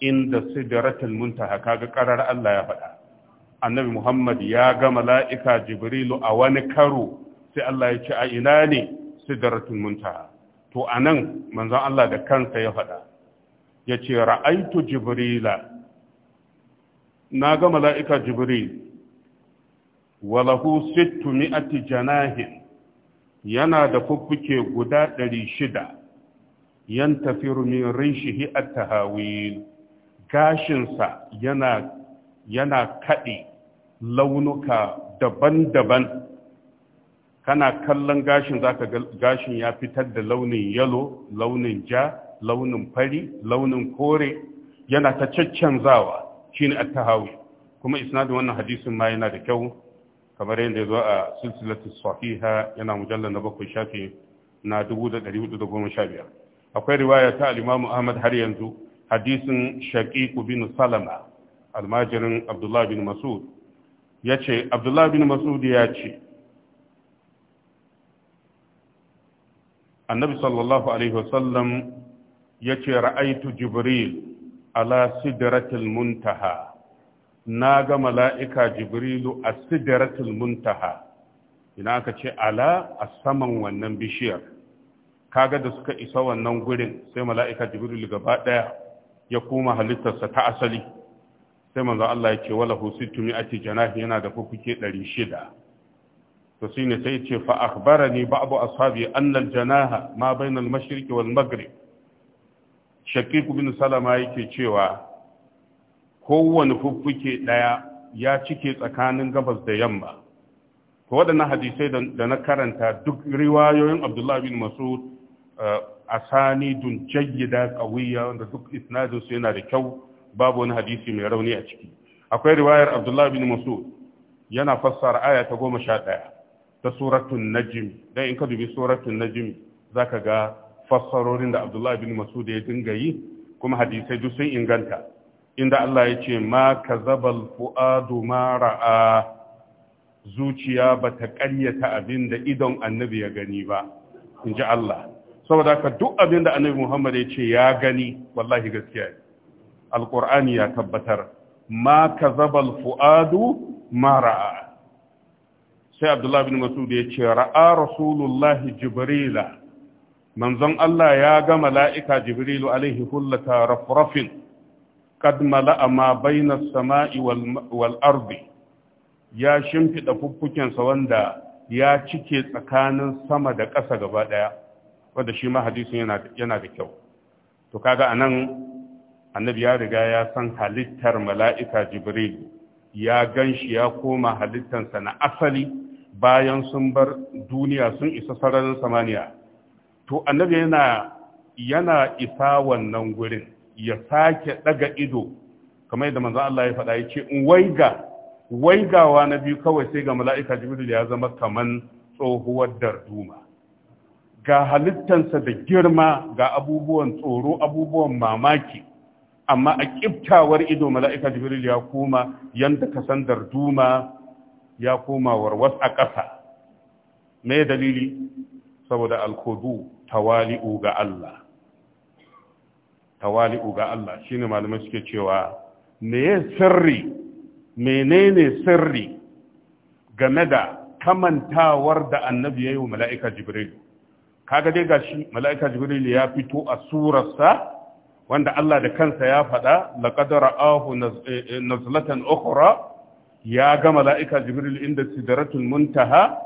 inda sidratul muntaha kaga karar Allah ya faɗa annabi muhammad ya ga mala'ika jibrilu a wani karo sai Allah ya ce a ina ne sidratul muntaha to anan manzon Allah da kansa ya faɗa Ya ce, ra'aitu jibrila na ga mala'ika jibril walahu sittu mi'ati janahin yana da fuffuke guda ɗari shida yan tafiru min rishihi at-tahawil gashinsa yana yana kaɗe launuka daban-daban kana kallon gashin zaka gashin ya fitar da launin yalo launin ja launin fari launin kore yana ta caccanzawa shine at-tahawi kuma isnadin wannan hadisin ma yana da kyau kamar yadda ya zo a silsilatu sahiha yana mujallar na bakwai shafi na 1415 akwai riwaya ta al Ahmad har yanzu hadisin Shaqiq bin Salama almajirin Abdullahi bin Mas'ud yace Abdullahi bin Mas'ud ya ce annabi sallallahu alaihi wasallam ya ce ra'aitu jibril ala sidratil muntaha na ga mala'ika jibrilu a sidratil muntaha ina aka ce ala a saman wannan bishiyar kaga da suka isa wannan gurin sai mala'ika jibrilu gaba ɗaya ya koma halittarsa ta asali sai manzo Allah ya ce wala husitu mi'ati janahi yana da ɗari shida. to shine sai ce fa akhbarani ba'du ashabi anna al-janaha ma bayna al-mashriq wal maghrib bin salama yake cewa kowane fuffuke daya ya cike tsakanin gabas da yamma to waɗannan hadisai da na karanta duk riwayoyin abdullahi bin masud eh, asanidun jayyida qawiyya wanda duk isnadin yana da kyau babu wani hadisi mai rauni a ciki akwai riwayar abdullahi bin masud yana fassara aya ta goma sha ɗaya ta suratun najim dan in ka dubi suratun najim zaka ga fassarorin da abdullahi bin masud ya dinga yi kuma hadisai duk sun inganta inda Allah ya ce ma kazabal fuadu ma ra'a zuciya ba ta abin da idon annabi ya gani ba in ji Allah saboda haka duk abin da annabi Muhammad ya ce ya gani wallahi gaskiya ne alqur'ani ya tabbatar ma kazabal fuadu ma ra'a sai abdullah bin masud ya ce ra'a rasulullahi jibrila manzon Allah ya ga mala'ika jibrilu alaihi hullata rafrafin kad mala'a ma as sama'i wal ardi ya shimfida fuffukensa wanda ya cike tsakanin sama da ƙasa gaba ɗaya wanda shi ma hadisin yana da kyau to kaga anan annabi ya riga ya san halittar mala'ika jibrilu ya gan shi ya koma halittansa na asali bayan sun bar duniya sun isa sararin samaniya to annabi yana isa wannan gurin ya sake daga ido kamar yadda manzo Allah ya faɗa ya ce in waiga waigawa na biyu kawai sai ga mala'ika jibril ya zama kaman tsohuwar darduma ga halittansa da girma ga abubuwan tsoro abubuwan mamaki amma a kiftawar ido mala'ika jibril ya koma yanda ka duma, ya koma warwas a ƙasa mai dalili saboda al'kodu, tawali'u ga Allah tawali'u ga Allah Shi ne malamai suke cewa me sirri menene sirri game da kamantawar da annabi ya yi wa mala'ika jibril kaga dai gashi mala'ika jibril ya fito a surarsa wanda Allah da kansa ya faɗa laƙadar ahu eh, eh, nazlatan ukhra ya ga mala'ika jibril inda sidratul muntaha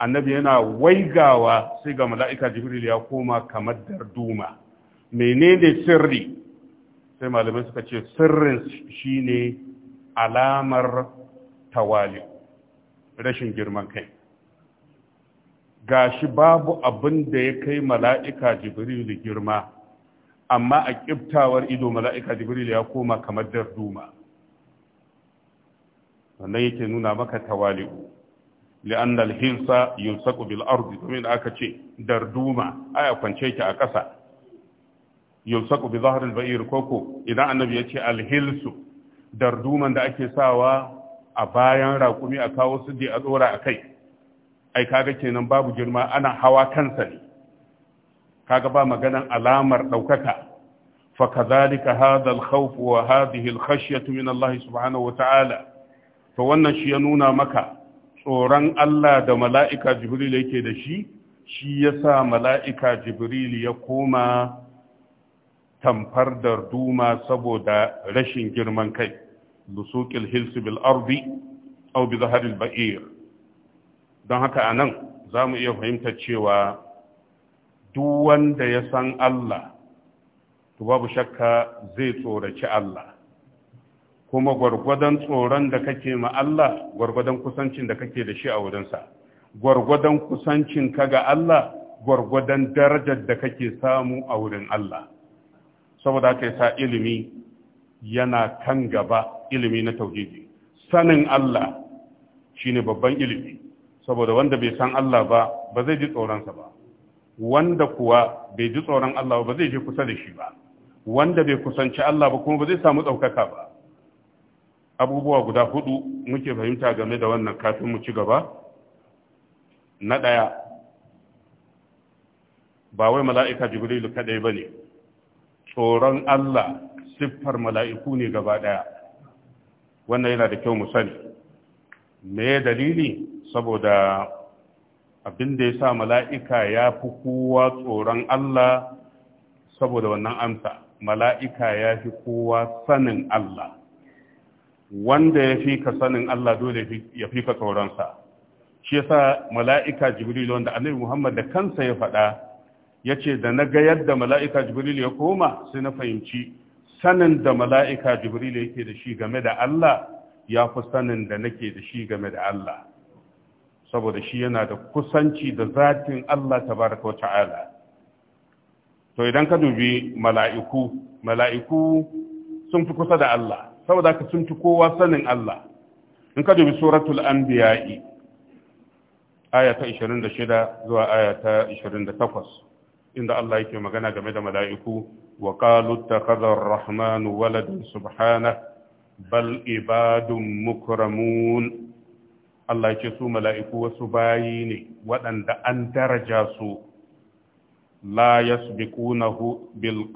annabi yana waigawa sai ga mala'ika jibril ya koma kamar darduma menene sirri sai malamai suka ce sirrin shine alamar tawali rashin girman kai gashi babu abinda ya kai mala'ika jibril girma amma a ƙibtawar ido mala'ika jibril ya koma kamar darduma wannan yake nuna maka tawali'u li'anna hinsa yunsaqu bil ardi domin aka ce darduma aya kwance ki a ƙasa yunsaqu bi zahril ba'ir koko idan annabi ya ce al-hilsu darduman da ake sawa a bayan raƙumi a kawo su a tsora a kai ai kaga kenan babu girma ana hawa kansa ne kaga ba maganan alamar ɗaukaka fa kazalika hadha al wa hadhihi al min Allah subhanahu wa ta'ala to wannan shi ya nuna maka tsoron Allah da mala'ika Jibril yake da shi, shi ya sa mala'ika Jibril ya koma tamfar da duma saboda rashin girman kai, lusukil hilsu bil ardi, au bi ba'ir. Don haka a nan za mu iya fahimta cewa duk wanda ya san Allah to babu shakka zai tsoraci Allah kuma gwargwadon tsoron da kake ma Allah gwargwadon kusancin da kake da shi a wurinsa gwargwadon kusancin ka ga Allah gwargwadon darajar da kake samu a wurin Allah saboda haka sa ilimi yana kan gaba ilimi na tauhidi sanin Allah shine babban ilimi saboda wanda bai san Allah ba ba zai ji tsoronsa ba wanda kuwa bai ji tsoron Allah ba zai je kusa da shi ba wanda bai kusanci Allah ba kuma ba zai samu ɗaukaka ba abubuwa guda hudu muke fahimta game da wannan kafin mu ci gaba na ɗaya ba wai mala'ika jibrilu kaɗai ba ne tsoron Allah siffar mala'iku ne gaba ɗaya wannan yana da kyau mu sani me dalili saboda abin da ya sa mala'ika ya fi kowa tsoron Allah saboda wannan amsa mala'ika ya fi kowa sanin Allah wanda ya fi ka sanin Allah dole ya fi ka tsoronsa shi ya sa mala'ika jibril wanda annabi Muhammad da kansa ya faɗa ya ce da na ga yadda mala'ika jibril ya koma sai na fahimci sanin da mala'ika jibril yake da shi game da Allah ya fi sanin da nake da shi game da Allah saboda shi yana da kusanci da zatin Allah tabaraka wa ta'ala to idan ka dubi mala'iku mala'iku sun fi kusa da Allah saboda ka sun fi kowa sanin Allah in ka dubi suratul anbiya'i aya ta 26 zuwa aya ta 28 inda Allah yake magana game da mala'iku wa qalu ittakhadha ar-rahmanu waladan subhana bal ibadun mukramun Allah ce su mala'iku wasu bayi ne waɗanda an daraja su la yasbiqunahu bil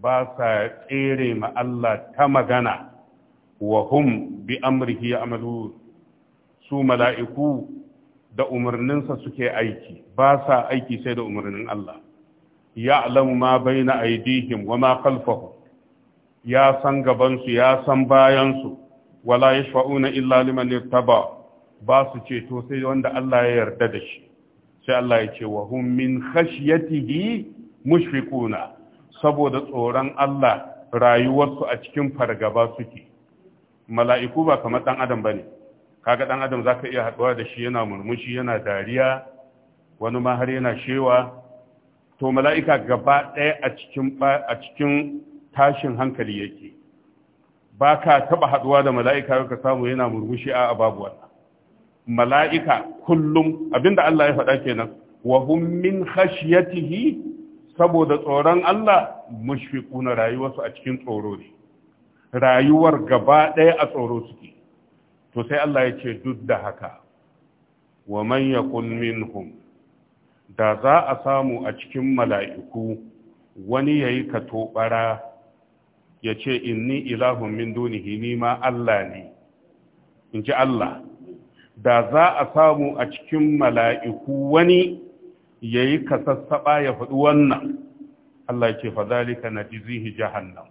ba sa tsere ma Allah ta magana wa hum bi amrihi amalu su mala'iku da umarninsa suke aiki ba sa aiki sai da umarnin Allah alamu ma baina aidihim wa ma khalfahum ya san gabansu ya san bayansu wala yashfa'una illa liman ittaba' ba su ceto sai wanda Allah ya yarda da shi sai Allah ya ce wa hum min khashyatihi mushfiquna saboda tsoron Allah rayuwarsu a cikin fargaba suke mala'iku ba kamar dan adam bane kaga dan adam zaka iya haduwa da shi yana murmushi yana dariya wani ma har yana shewa to mala'ika gaba ɗaya a cikin a cikin tashin hankali yake ba ka taba haduwa da mala'ika ka samu yana murmushi a babu wannan mala'ika kullum abinda Allah ya faɗa kenan wa hum min khashyatihi saboda tsoron Allah mushfiquna rayuwarsu a cikin tsoro ne rayuwar gaba ɗaya a tsoro suke to sai Allah ya ce duk da haka wa man yakun minhum da za a samu a cikin mala'iku wani yayi katobara ya ce inni ilahun min dunihi ni ma Allah ne in ji Allah da za a samu a cikin mala'iku wani ya yi kasassaɓa ya faɗi wannan Allah ce fadalika na jizihi jahannam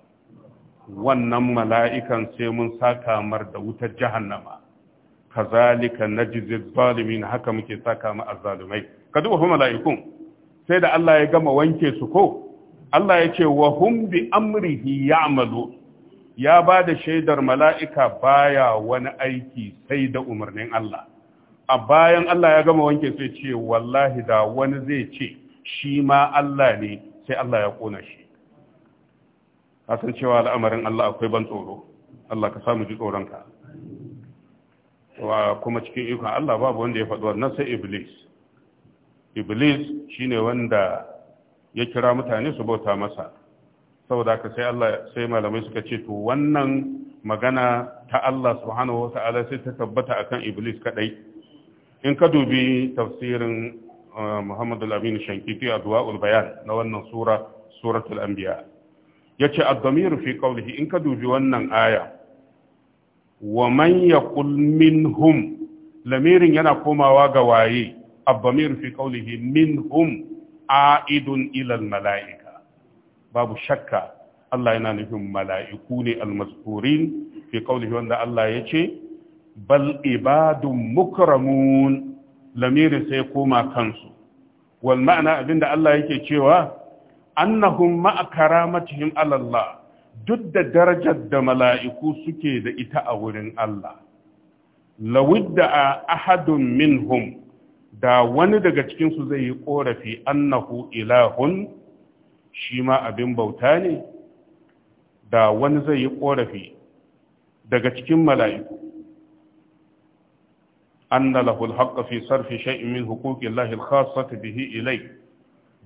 wannan mala'ikan sai mun kamar da wutar jahannama kazalika na jizir na haka muke kamar a zalimai ka duba mala'ikun sai da Allah ya gama wanke su ko Allah ya ce wa hum bi ya ya'malu ya ba da shaidar mala'ika baya wani aiki sai da umarnin Allah. A bayan Allah ya gama wanke sai ce, wallahi da wani zai ce, shi ma Allah ne sai Allah ya ƙona shi. Hasan cewa al'amarin Allah akwai ban tsoro, Allah ka samu ji tsoronka. Kuma cikin ikon Allah babu wanda ya faɗi wannan sai Iblis. Iblis shi ne wanda ya kira mutane su bauta masa. saboda haka sai Allah sai malamai suka ce to wannan magana ta Allah subhanahu wata'ala sai ta tabbata akan iblis kadai in ka dubi tafsirin uh, Muhammad al-Amin Shankiti a Duwa'ul Bayan na wannan sura suratul anbiya yace ad-damir fi qawlihi in ka dubi wannan aya wa man yaqul minhum lamirin yana komawa ga waye abamir fi qawlihi minhum aidun ila al-mala'ika babu shakka Allah yana nufin mala'iku ne almazkurin fi qawlihi wanda Allah ya ce bal ibadun mukramun lamirin sai koma kansu wal ma'ana abinda Allah yake cewa annahum ma'a karamatihim ala duk da darajar da mala'iku suke da ita a wurin Allah lawidda a ahadun minhum da wani daga cikinsu zai yi ƙorafi annahu ilahun shi ma abin bauta ne da wani zai yi ƙorafi daga cikin mala'iku an na lahul haƙƙa fi sarfi sha'in min hukukin lahil ta bihi ilai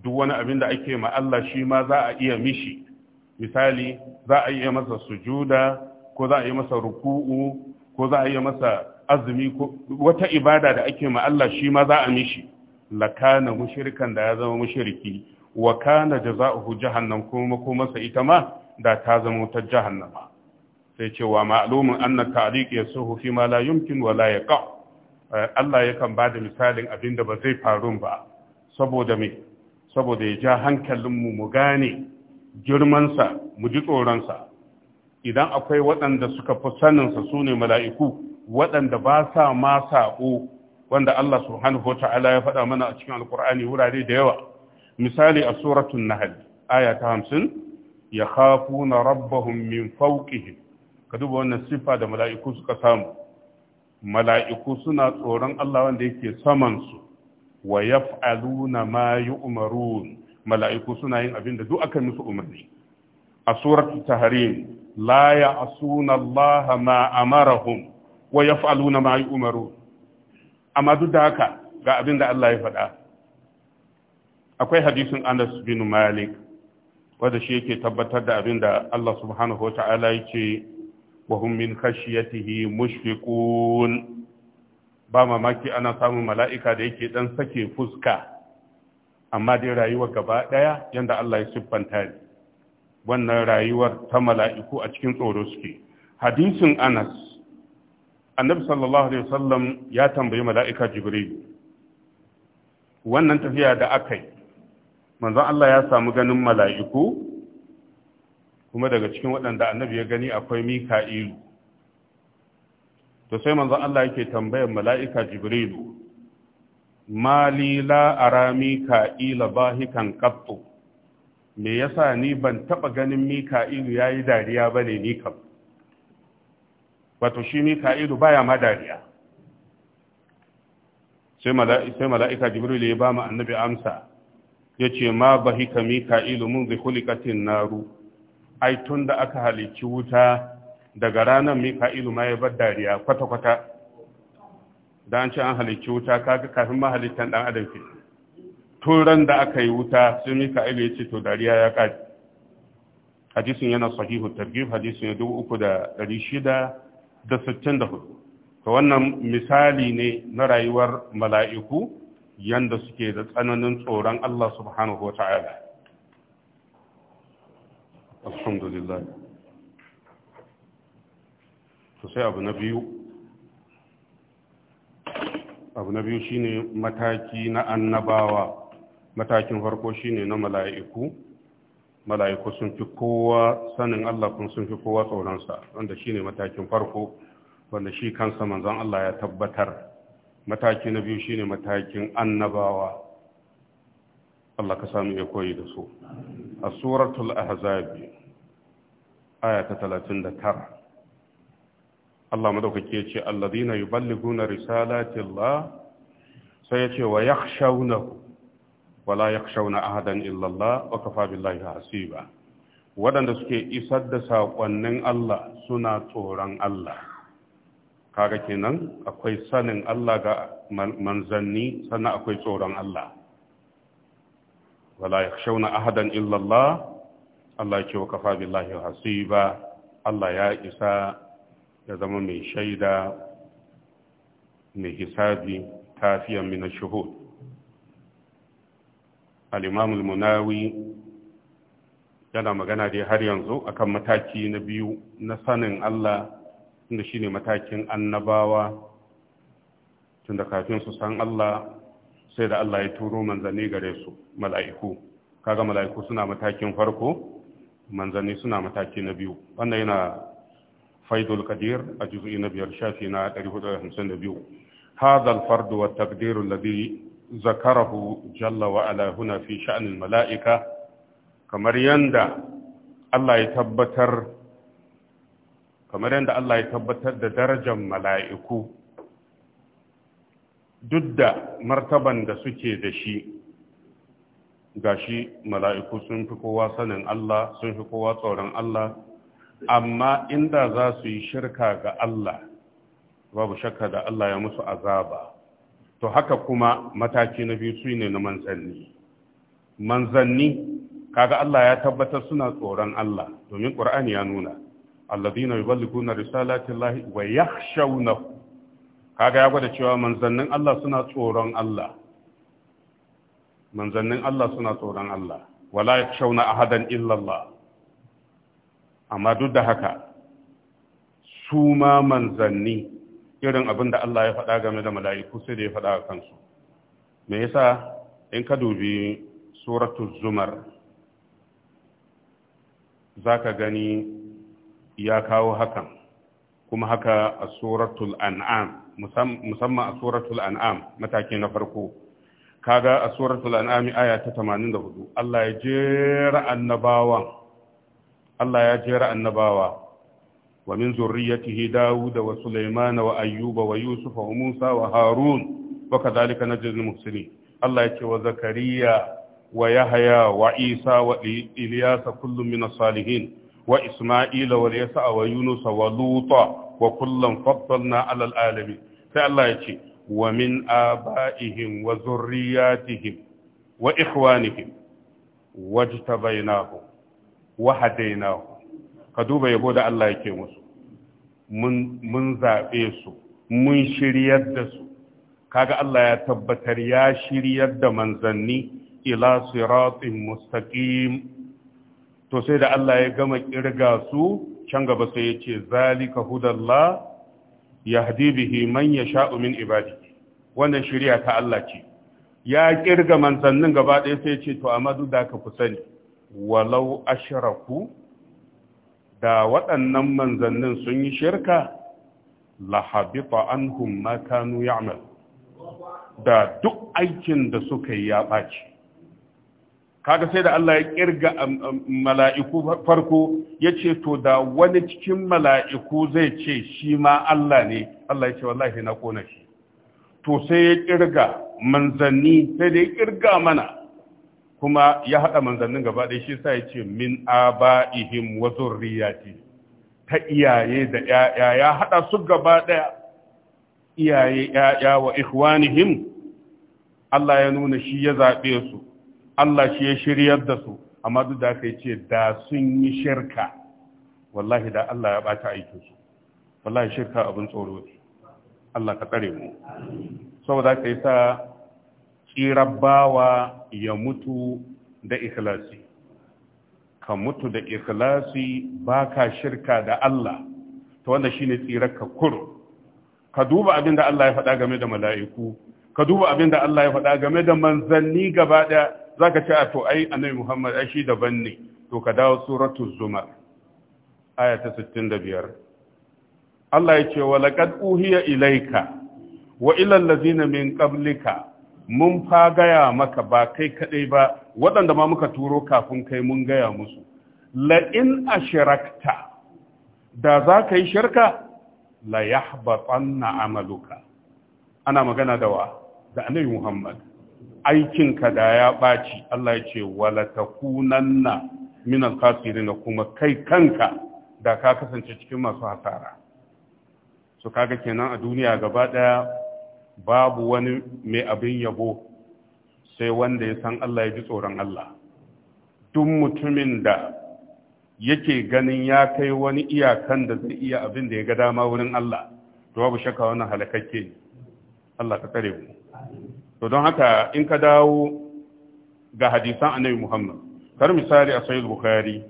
duk wani abin da ake ma Allah shi ma za a iya mishi misali za a iya masa sujuda ko za a iya masa ruku'u ko za a iya masa azumi ko wata ibada da ake ma Allah shi ma za a mishi lakana mushirikan da ya zama mushriki wa kana jaza'uhu jahannam kuma makomarsa ita ma da ta zama ta jahannama sai cewa wa ma'lumun anna ta'liq yasuhu fi ma la yumkin wa la yaqa eh, Allah yakan bada misalin abin da ba zai faru ba saboda me saboda ya ja hankalin mu mu gane girman sa mu ji tsoron sa idan akwai waɗanda suka fi sanin sa sune mala'iku waɗanda ba sa ma saƙo wanda Allah subhanahu wa ta'ala ya faɗa mana a cikin alƙur'ani wurare da yawa misali a suratun nahal aya ta hamsin ya hafu na rabbahun min fauƙihim ka duba wannan siffa da mala'iku suka samu mala'iku suna tsoron Allah wanda yake samansu wa ya yaf'aluna ma yi yu'marun mala'iku suna yin abin da duk akan musu umarni a suratu tahrim la ya'suna Allah ma amarahum wa ya yaf'aluna ma yi yu'marun amma duk da haka ga abin da Allah ya faɗa akwai hadisin Anas bin Malik wanda shi yake tabbatar da abin da Allah subhanahu wa ta'ala yake wa hum min khashiyatihi mushfiqun ba mamaki ana samun mala'ika da yake dan sake fuska amma dai rayuwar gaba daya yanda Allah ya siffanta ni wannan rayuwar ta mala'iku a cikin tsoro suke hadisin Anas annabi sallallahu alaihi wasallam ya tambayi mala'ika Jibril wannan tafiya da aka yi manzon Allah ya samu ganin mala'iku kuma daga cikin waɗanda annabi ya gani akwai mika'ilu to sai manzon Allah yake tambayar mala'ika jibrilu mali la ara mika'ila bahikan qattu me yasa ni ban taɓa ganin mika'ilu yi dariya ne ni kam wato shi mika'ilu baya ma dariya sai mala'ika jibrilu ya ba mu annabi amsa ya ce ma bahi ka mika'ilu mun zai hulikatin naru ai tun da aka halicci wuta daga ranar mika'ilu ma ya bar dariya kwata-kwata da an ce an halicci wuta kaga kafin ma halittan dan adam ke turan da aka yi wuta sai mika'ilu ya ce to dariya ya kaji hadisin yana sahihu targhib hadisin ya dubu uku da ɗari shida da sittin da hudu to wannan misali ne na rayuwar mala'iku yanda suke da tsananin tsoron Allah subhanahu wa ta'ala. Alhamdulillah. To sai abu na biyu. Abu na biyu shine mataki na annabawa. Matakin farko shine na mala'iku. Mala'iku sun fi kowa sanin Allah kun sun fi kowa tsoronsa, wanda shine matakin farko, wanda shi kansa manzon Allah ya tabbatar. mataki na biyu shine matakin annabawa Allah ka samu ya koyi da su a suratul ahzabi aya ta 39 Allah madaukake ya ce alladhina yuballiguna risalati Allah sai ya ce wa yakhshawnahu wala yakhshawna ahadan illa Allah wa kafa billahi hasiba waɗanda suke isar da saƙonnin Allah suna tsoron Allah kaga kenan akwai sanin Allah ga manzanni sannan akwai tsoron Allah wala yakhshawna ahadan illa Allah Allah ya ce wa kafa billahi hasiba Allah ya isa ya zama mai shaida mai hisabi kafiyan min ash-shuhud al-imam al-munawi yana magana dai har yanzu akan mataki na biyu na sanin Allah tunda shine matakin annabawa tunda kafin su san Allah sai da Allah ya turo manzanni gare su mala'iku kaga mala'iku suna matakin farko manzanni suna mataki na biyu wannan yana faidul kadir a juzu'i na biyar shafi na 452 hadha al-fard wa taqdir alladhi zakarahu jalla wa ala huna fi sha'an al-mala'ika kamar yanda Allah ya tabbatar kamar yadda Allah ya tabbatar da darajar mala'iku duk da martaban da suke da shi ga shi mala'iku sun fi kowa sanin Allah sun fi kowa tsoron Allah amma inda za su yi shirka ga Allah babu shakka da Allah ya musu azaba to haka kuma mataki na biyu sune na manzanni manzanni kaga Allah ya tabbatar suna tsoron Allah domin ƙur'ani ya nuna alladina yuballiguna risalati Allah wa yakhshawnahu kaga ya gwada cewa manzannin Allah suna tsoron Allah manzannin Allah suna tsoron Allah wala yakhshawna ahadan illa Allah amma duk da haka su ma manzanni irin abin da Allah ya faɗa game da mala'iku sai da ya faɗa a kansu me yasa in ka dubi suratul zumar za ka gani ya kawo hakan kuma haka a suratul an'am musamman a suratul an'am mataki na farko kaga a suratul an'am aya ta 84 Allah ya jera Allah ya jera annabawa wa min zurriyyatihi Dawud wa Sulaiman wa Ayyub wa Yusuf wa Musa wa Harun wa kadhalika najzil muhsinin Allah ya ce wa Zakariya wa Yahya wa Isa wa Ilyas kullum min as-salihin wa Isma'ila wa Yasa wa Yunus wa Luta wa kullum faddalna alal alamin sai Allah ya ce wa min aba'ihim wa zurriyatihim wa ikhwanihim wajtabainahu wa hadainahu ka duba yabo da Allah yake musu mun mun su mun da su kaga Allah ya tabbatar ya shiryar da manzanni ila siratin mustaqim to sai da Allah ya gama kirga su can gaba sai ya ce zalika hudallah yahdi bihi man yasha'u min ibadi wannan shari'a ta Allah ce ya kirga manzannin gaba ɗaya sai ce to amadu da ka sani walau ashraku da waɗannan manzannin sun yi shirka habita anhum ma kanu ya'mal da duk aikin da suka yi ya ɓaci kaga sai da Allah ya kirga um, um, mala'iku farko ya ce to da wani cikin mala'iku zai ce shi ma Allah ne Allah ya ce wallahi na kona shi to sai ya kirga manzanni sai da ya kirga mana kuma ya haɗa manzannin gaba ɗaya shi sa ya ce min aba'ihim wa zurriyati ta iyaye da 'ya'ya ya haɗa su gaba ɗaya iyaye 'ya'ya wa ikhwanihim Allah ya nuna shi ya zaɓe su Allah shi ya shiryar da su amma duk da aka yi ce da sun yi shirka wallahi da Allah ya bata aikin su wallahi shirka abin tsoro ne Allah ka tsare mu saboda ka yi sa tsirar bawa ya mutu da ikilasi ka mutu da ikilasi ba ka shirka da Allah ta wanda ne tsirar ka kuro ka duba abin da Allah ya faɗa game da mala'iku ka duba abin da Allah ya faɗa game da manzanni gaba ɗaya zaka ce a to ai annabi Muhammad ai shi daban ne to ka dawo suratu zumar aya ta 65 Allah ya ce wa laqad uhiya ilaika wa ila allazina min qablika mun fa gaya maka ba kai kadai ba waɗanda ma muka turo kafin kai mun gaya musu la in ashrakta da za ka yi shirka la yahbatanna amaluka ana magana da wa da annabi Muhammad aikinka da ya ɓaci Allah ya ce wala takunanna min al-khasirin kuma kai kanka da ka kasance cikin masu hasara su kaga kenan a duniya gaba ɗaya, babu wani mai abin yabo sai wanda ya san Allah ya ji tsoron Allah duk mutumin da yake ganin ya kai wani iyakan da zai iya abin da ya ga dama wurin Allah to babu shakka wannan halakakke ne Allah ka tsare mu to don haka in ka dawo ga hadisan annabi Muhammad kar misali a sahih bukhari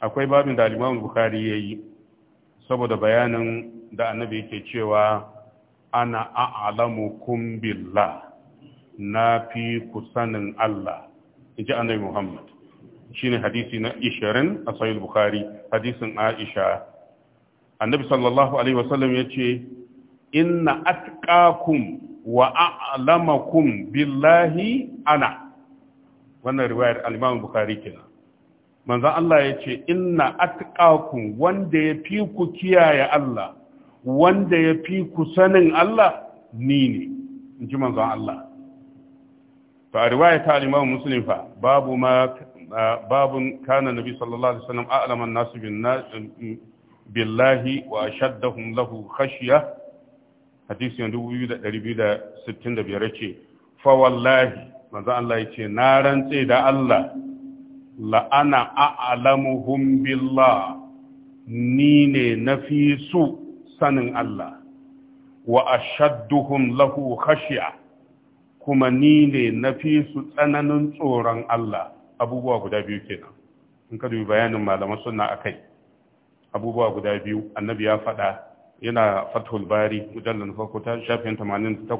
akwai babin da al-Imam bukhari yayi saboda bayanin da annabi yake cewa ana kum billah na fi kusanin Allah inji annabi Muhammad shine hadisi na 20 a sahih bukhari hadisin Aisha annabi sallallahu alaihi wasallam yace inna atqakum wa a'lamakum billahi ana wannan riwayar al-Imam Bukhari kenan manzon Allah ya yace inna atqakum wanda ya fi ku kiyaye Allah wanda ya fi ku sanin Allah ni ne in ji manzon Allah to a riwaya ta al-Imam Muslim fa babu ma babun kana nabi sallallahu alaihi wasallam a'laman nasu billahi wa ashaddahum lahu khashiyah hadisin 2265 ce fa wallahi manzo Allah yace na rantse da Allah la'ana a'lamuhum billah ni ne fi su sanin Allah wa ashadduhum lahu khashya kuma ni ne fi su tsananin tsoron Allah abubuwa guda biyu kenan in ka dubi bayanin malaman sunna akai abubuwa guda biyu annabi ya faɗa yana fathul bari mujallar farko ta shafin 88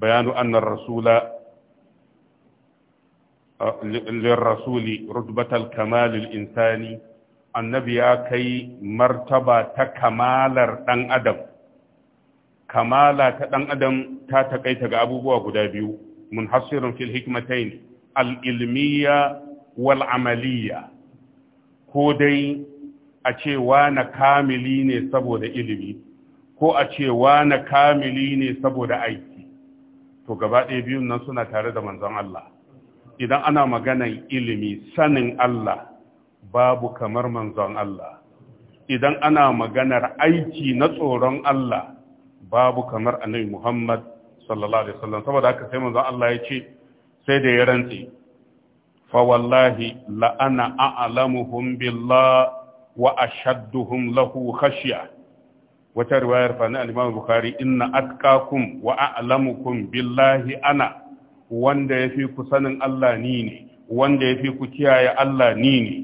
bayanu annar rasula rasuli, rutbatal kamalil insani annabi ya kai martaba ta kamalar dan adam kamala ta dan adam ta takaita ga abubuwa guda biyu munhasirin fil hikmatain al-ilmiya wal amaliya ko dai a ce na kamili ne saboda ilimi ko a ce na kamili ne saboda aiki to gaba ɗaya biyun nan suna tare da manzon Allah idan ana maganan ilimi sanin Allah babu kamar manzon Allah idan ana maganar aiki na tsoron Allah babu kamar annabi Muhammad sallallahu alaihi wasallam saboda haka sai manzon Allah ya ce sai da ya rantse, fa wallahi la ana a'lamuhum billah wa ashadduhum lahu khashiya wata riwayar fa na al-Imam Bukhari inna atqakum wa a'lamukum billahi ana wanda yafi ku sanin Allah ni ne wanda yafi ku kiyaye Allah ni ne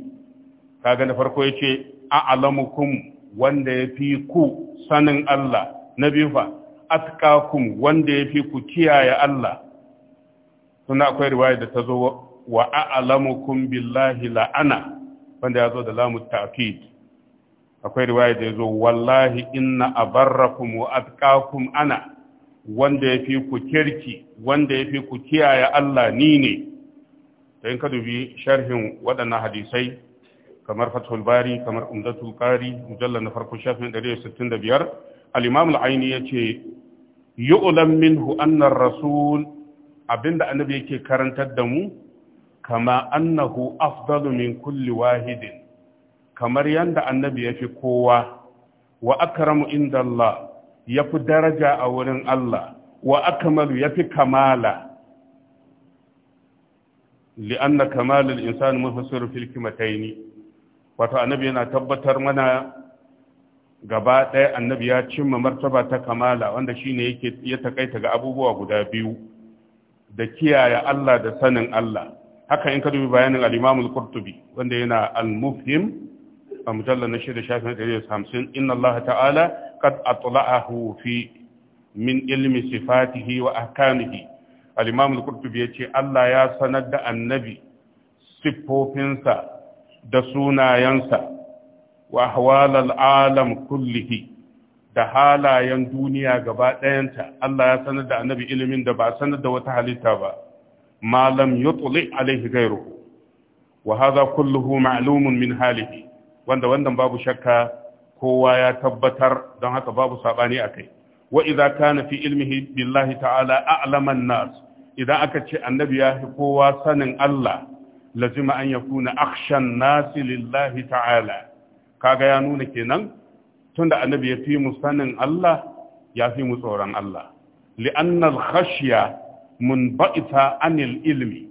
kaga na farko yace a'lamukum wanda yafi ku sanin Allah na biyu fa atqakum wanda yafi ku kiyaye Allah suna akwai riwaya da ta zo wa a'lamukum billahi la'ana wanda ya zo da lamu ta'kid akwai riwaya da ya zo wallahi inna abarrakum wa atqakum ana wanda ya fi ku kirki wanda ya fi ku kiyaye Allah ni ne da in ka dubi sharhin waɗannan hadisai kamar fathul bari kamar umdatul qari mujallal na farko shafin 165 al-imam al-aini yace yu'lam minhu anna ar-rasul abinda annabi yake karantar da mu kama annahu afdalu min kulli wahidin kamar yanda annabi yafi kowa wa akramu inda Allah yafi daraja a wurin Allah wa akmalu yafi kamala li'anna kamalul insani mufassir fil kimataini wato annabi yana tabbatar mana gaba ɗaya annabi ya cimma martaba ta kamala wanda shine yake ya takaita ga abubuwa guda biyu da kiyaye Allah da sanin Allah haka in ka dubi bayanin al-Imam al-Qurtubi wanda yana al-Mufhim a mujallal na shida shafin 150 inna Allah ta'ala kad atla'ahu fi min ilmi sifatihi wa ahkamihi al-Imam al-Qurtubi yace Allah ya sanar da annabi siffofinsa da sunayensa wa alam kullihi da halayen duniya gaba ɗayanta Allah ya sanar da annabi ilimin da ba sanar da wata halitta ba Malam lam yutli alaihi ghayruhu wa hadha kulluhu ma'lumun min halihi wanda wannan babu shakka kowa ya tabbatar don haka babu saɓani a kai. wa idza kana fi ilmihi billahi ta'ala a'lama an-nas idan aka ce annabi ya fi kowa sanin Allah lazima an yakuna akhshan nasi lillahi ta'ala kaga ya nuna kenan tunda annabi ya fi mu sanin Allah ya fi mu tsoron Allah li'anna al Mun baita anil ilmi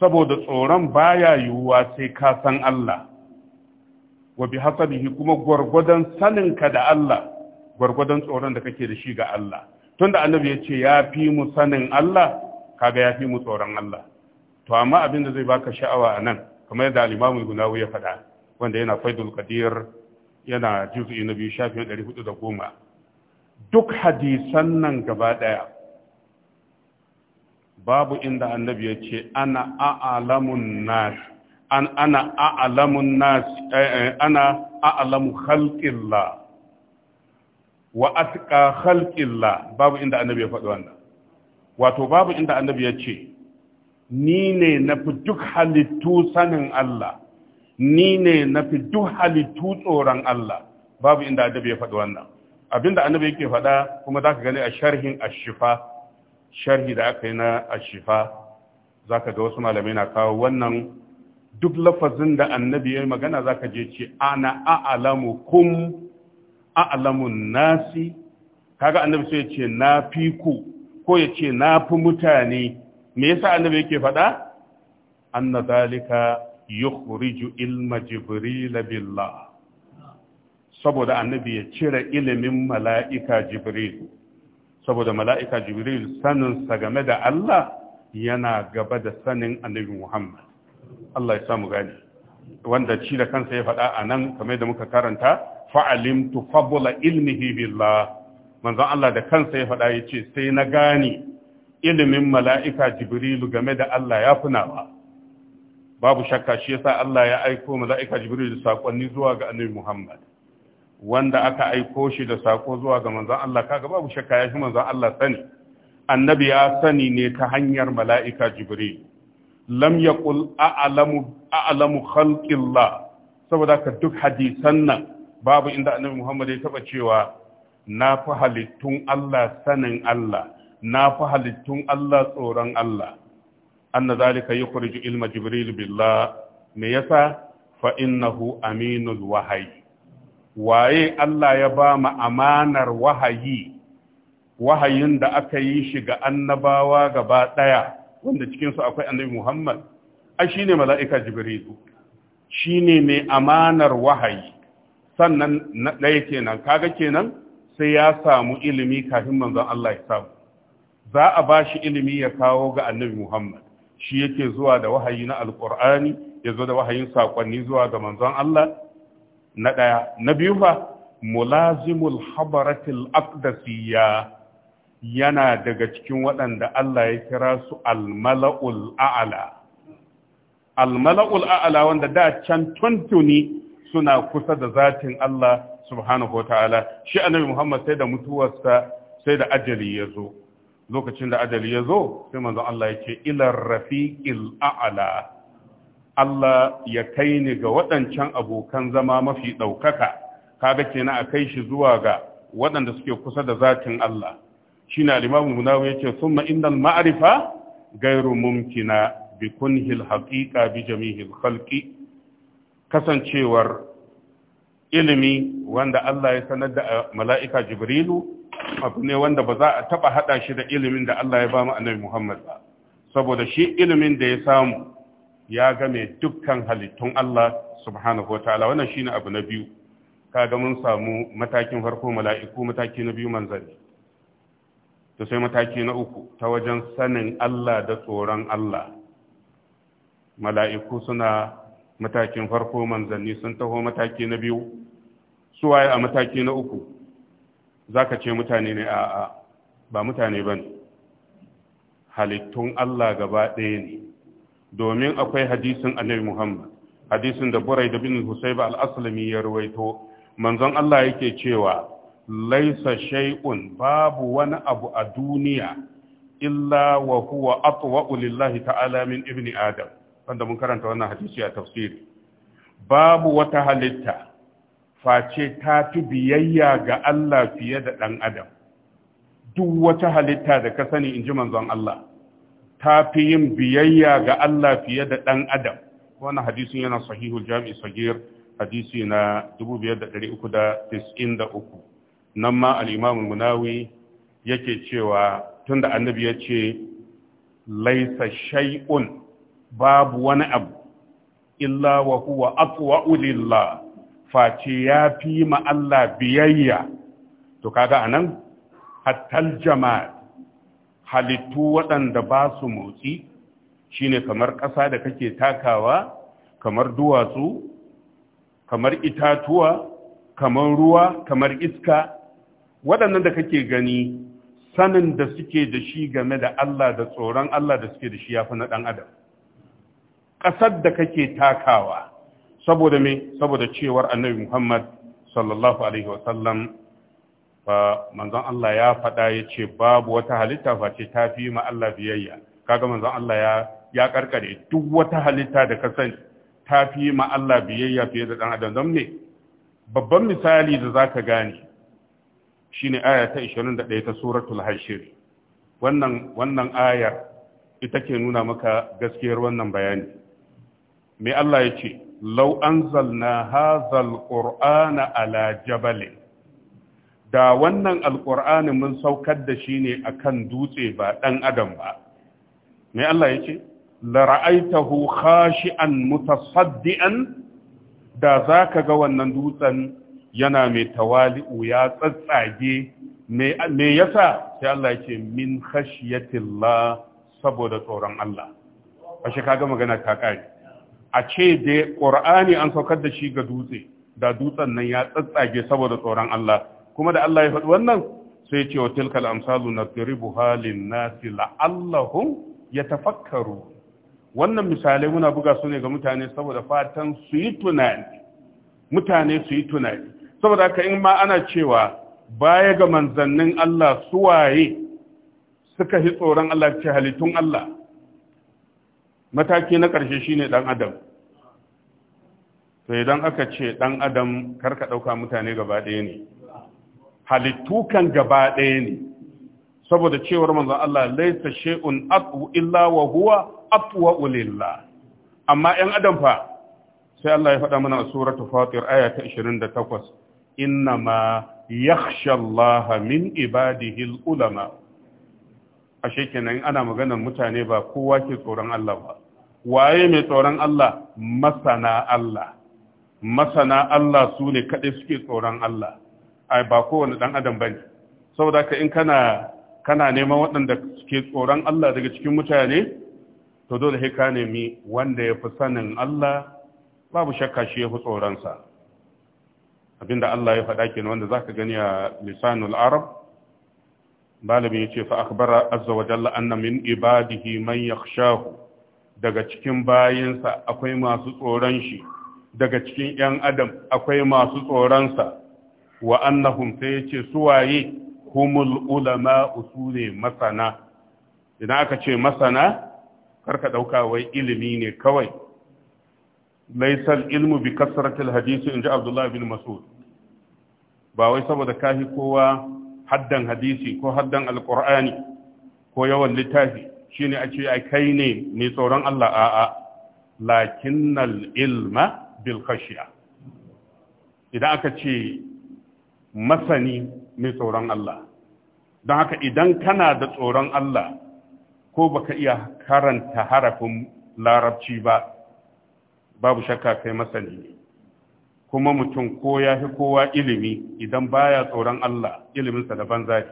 saboda tsoron baya yiwuwa sai ka san Allah wa bi hasabihi kuma gwargwadon ka da Allah gwargwadon tsoron da kake da shi ga Allah tunda annabi ya ce ya fi mu sanin Allah kaga ya fi mu tsoron Allah to amma abin da zai baka sha'awa a nan kamar yadda al Limamin gunawi ya faɗa wanda yana Faidul Qadir yana juzu'i na biyu shafin 410 duk hadisan nan gaba daya babu inda annabi ya ce ana a'alamun nas an ana a'alamun nas eh, eh, ana a'alamu khalqillah wa atqa khalqillah babu inda annabi ya faɗi wannan wato babu inda annabi ya ce ni ne na fi duk halittu sanin Allah ni ne na fi duk halittu tsoron Allah babu inda annabi ya faɗi wannan abinda annabi yake faɗa kuma za ka gani a sharhin ashifa sharhi da aka yi na ashifa za ka ga wasu malamai na kawo wannan duk lafazin da annabi ya yi magana za ka je ce ana a'alamu kum a'alamun nasi kaga annabi sai ya ce na fi ku ko ya ce na fi mutane me yasa annabi yake faɗa anna zalika yukhriju ilma jibril billah saboda annabi ya cire ilimin mala'ika jibril saboda mala'ika jibril saninsa game da Allah yana gaba da sanin annabi Muhammad Allah ya samu gani wanda ci da kansa ya faɗa a nan kamar da muka karanta fa'alim tu fabula ilmihi billah manzon Allah da kansa ya faɗa ya ce sai na gane ilimin mala'ika jibrilu game da Allah ya fi nawa babu shakka shi yasa Allah ya aiko mala'ika jibrilu saƙonni zuwa ga annabi Muhammad wanda aka aiko shi da sako zuwa ga manzan Allah kaga babu shakka ya shi manzan Allah sani annabi ya sani ne ta hanyar mala'ika jibril lam yaqul a'lamu a'lamu khalqillah saboda ka duk hadisan nan babu inda annabi Muhammad ya taba cewa na fi halittun Allah sanin Allah na fi halittun Allah tsoron Allah anna zalika yi ilma jibril billah me yasa fa innahu aminul wahayi. waye Allah ya ba mu amanar wahayi wahayin da aka yi shi ga annabawa gaba ɗaya wanda cikinsu akwai annabi Muhammad ai ne mala'ika Jibrilu ne mai amanar wahayi sannan na ɗaya kenan kaga kenan sai ya samu ilimi kafin manzon Allah ya samu za a ba shi ilimi ya kawo ga annabi Muhammad shi yake zuwa da wahayi na alƙur'ani ya zo da wahayin saƙonni zuwa ga manzon Allah na ɗaya na biyu fa mulazimul habaratil aqdasiyya yana daga cikin waɗanda Allah ya kira su almala'ul a'ala almala'ul a'ala wanda da can tuntuni suna kusa da zatin Allah subhanahu wataala shi annabi Muhammad sai da mutuwarsa sai da ajali ya zo lokacin da ajali ya zo sai manzon Allah ya ce ilar rafiqil a'ala Allah ya kai ni ga waɗancan abokan zama mafi ɗaukaka kaga kenan a kai shi zuwa ga waɗanda suke kusa da zatin Allah shine al-Imam Munawi yace summa innal ma'arifa ghairu mumkina bi kunhi bi jami'i al kasancewar ilimi wanda Allah ya sanar da mala'ika Jibrilu abu ne wanda ba za a taɓa haɗa shi da ilimin da Allah ya ba mu Annabi Muhammad ba saboda shi ilimin da ya samu ya game dukkan halittun Allah subhanahu wa ta'ala wannan shine abu na biyu kaga mun samu matakin farko mala'iku mataki na biyu manzari Ta sai mataki na uku ta wajen sanin Allah da tsoron Allah mala'iku suna matakin farko manzanni sun taho mataki na biyu su waye a mataki na uku Za ka ce mutane ne a'a ba mutane ba ne. halittun Allah gaba ɗaya ne domin akwai hadisin annabi Muhammad hadisin da Burai da bin Husayba al-Aslami ya rawaito manzon Allah yake cewa laisa shay'un babu wani abu a duniya illa wa huwa atwa'u lillahi ta'ala min ibni adam wanda mun karanta wannan hadisi a tafsiri babu wata halitta face ta fi biyayya ga Allah fiye da dan adam duk wata halitta da ka sani inji manzon Allah ta fi yin biyayya ga Allah fiye da ɗan adam wannan hadisin yana sahihul jami'i sagir hadisi na 5393 nan ma al munawi yake cewa tunda annabi ya ce laisa shay'un babu wani abu illa wa huwa atwa'u lillah face ya fi ma Allah biyayya to kaga anan hattal jama'a halittu waɗanda ba su motsi shine kamar ƙasa da kake takawa kamar duwatsu kamar itatuwa kamar ruwa kamar iska waɗannan da kake gani sanin da suke da shi game da Allah da tsoron Allah da suke da shi ya fi na ɗan adam ƙasar da kake takawa saboda me saboda cewar annabi Muhammad sallallahu alaihi wasallam manzon Allah ya faɗa ya ce babu wata halitta face ta fi ma Allah biyayya kaga manzon Allah ya ya karkare duk wata halitta da ka sani ta fi ma Allah biyayya fiye da dan adam don ne babban misali da za ka gane shine aya ta 21 ta suratul hashir wannan wannan ayar ita ke nuna maka gaskiyar wannan bayani mai Allah ya ce law anzalna hadha qurana ala jabalin da wannan alƙur'ani mun saukar da shi ne a kan dutse ba ɗan adam ba mai Allah ya ce lara'aitahu khashi'an mutasaddian da za ka ga wannan dutsen yana mai tawali'u ya tsatsage me yasa sai Allah ya ce min khashiyatillah saboda tsoron Allah ashe kaga magana ta kare a ce da ƙur'ani an saukar da shi ga dutse da dutsen nan ya tsatsage saboda tsoron Allah kuma da Allah ya faɗi wannan sai ce wa tilkal amsalu nadribuha halin nasi ya yatafakkaru wannan misalai muna buga su ne ga mutane saboda fatan su yi tunani mutane su yi tunani saboda haka in ma ana cewa baya ga manzannin Allah suwaye suka yi tsoron Allah ce halittun Allah mataki na ƙarshe shine ɗan adam to idan aka ce dan adam karka ɗauka mutane gaba ɗaya ne halittu kan gaba ɗaya ne saboda cewar manzon Allah laisa shay'un aqwa illa wa huwa aqwa lillah amma ‘yan adam fa sai Allah ya faɗa mana a suratu fatir aya ta 28 inna ma yakhsha Allah min ibadihi ulama ashe kenan ana maganar mutane ba kowa ke tsoron Allah ba waye mai tsoron Allah masana Allah masana Allah su ne kaɗai suke tsoron Allah ai ba kowane dan adam bane saboda ka in kana kana neman waɗanda ke tsoron Allah daga cikin mutane to dole sai ka nemi wanda ya fi sanin Allah babu shakka shi ya fi tsoronsa abinda Allah ya faɗa kenan wanda zaka gani a lisanul arab malamin ya ce fa akbara azza wa jalla anna min ibadihi man yakhshahu daga cikin bayinsa akwai masu tsoron shi daga cikin yan adam akwai masu tsoronsa wa annahum sai yace suwaye humul ulama ne masana idan aka ce masana karka ɗauka wai ilimi ne kawai laysal ilmu bi kasratil hadisi ji abdullahi bin mas'ud ba wai saboda kahi kowa haddan hadisi ko haddan alqur'ani ko yawan littafi shine a ce ai kai ne mai tsoron Allah a'a lakinnal ilma bil idan aka ce masani mai tsoron Allah don haka idan kana da tsoron Allah ko baka iya karanta harafin larabci ba babu shakka kai masani ne kuma mutum ko ya fi kowa ilimi idan baya tsoron Allah iliminsa da ban zafi,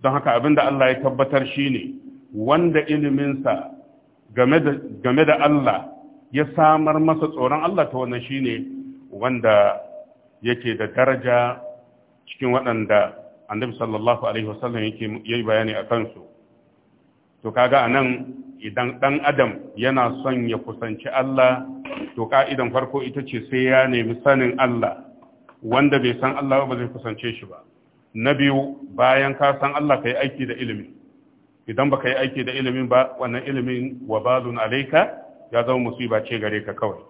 don haka abinda Allah ya tabbatar shi ne, wanda iliminsa game da Allah ya samar masa tsoron Allah ta wannan shi ne wanda yake da daraja cikin waɗanda annabi sallallahu alaihi wasallam yake yayi bayani a kansu to kaga anan idan dan adam yana son ya kusanci Allah to ka'idan farko ita ce sai ya nemi sanin Allah wanda bai san Allah ba zai kusance shi ba na biyu bayan ka san Allah kai aiki da ilimi idan baka yi aiki da ilimin ba wannan ilimin wabalun alaika ya zama musiba ce gare ka kawai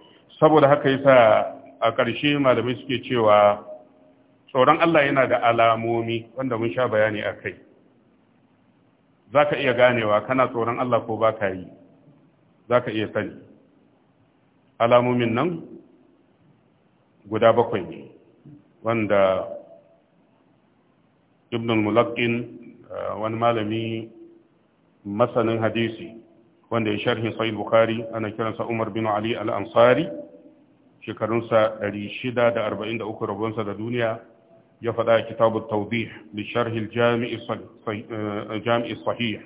saboda haka yasa a ƙarshe malamai suke cewa tsoron Allah yana da alamomi wanda mun sha bayani a kai za ka iya ganewa kana tsoron Allah ko ba ka yi za ka iya sani alamomin nan guda bakwai ne wanda ibn Mulakin, eh, wani malami masanin hadisi wanda ya sharhin Sa'id bukhari ana kiransa umar bin ali al-ansari shekarunsa 643 rabonsa da duniya ya faɗa kitabu tawdih li sharhi jami'i eh, sahih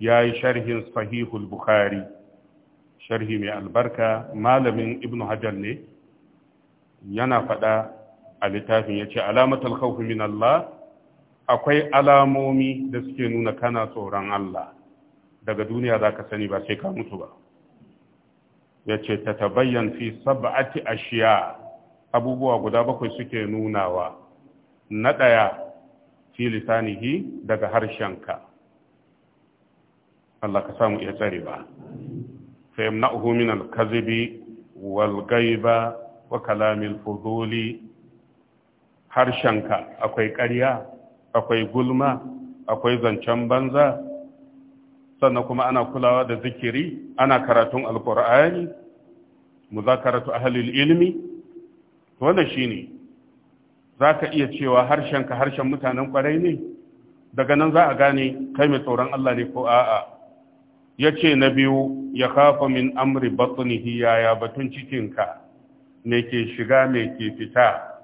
ya yi sharhin sahihul bukhari sharhi mai albarka malamin ibnu hajar ne yana faɗa a littafin ya ce alamatul khawfi min Allah akwai alamomi da suke nuna kana tsoron Allah daga duniya za ka sani ba sai ka mutu ba ya ce ta tabayyan fi sab'ati ashiya abubuwa guda bakwai suke nunawa na ɗaya fi lisanihi daga harshenka Allah ka samu iya tsare ba fa yamna'uhu min al-kadhibi wal gaiba wa Fuzoli. Harshen harshenka akwai ƙarya akwai gulma akwai zancen banza sannan kuma ana kulawa da zikiri ana karatun alkur'ani muzakaratu ahlil ilmi wannan shine za ka iya cewa harshenka harshen mutanen kwarai ne daga nan za a gane kai mai tsoron Allah ne ko a'a ya ce na biyu ya kafa min amri batsunihi yaya batun cikinka me ke shiga me ke fita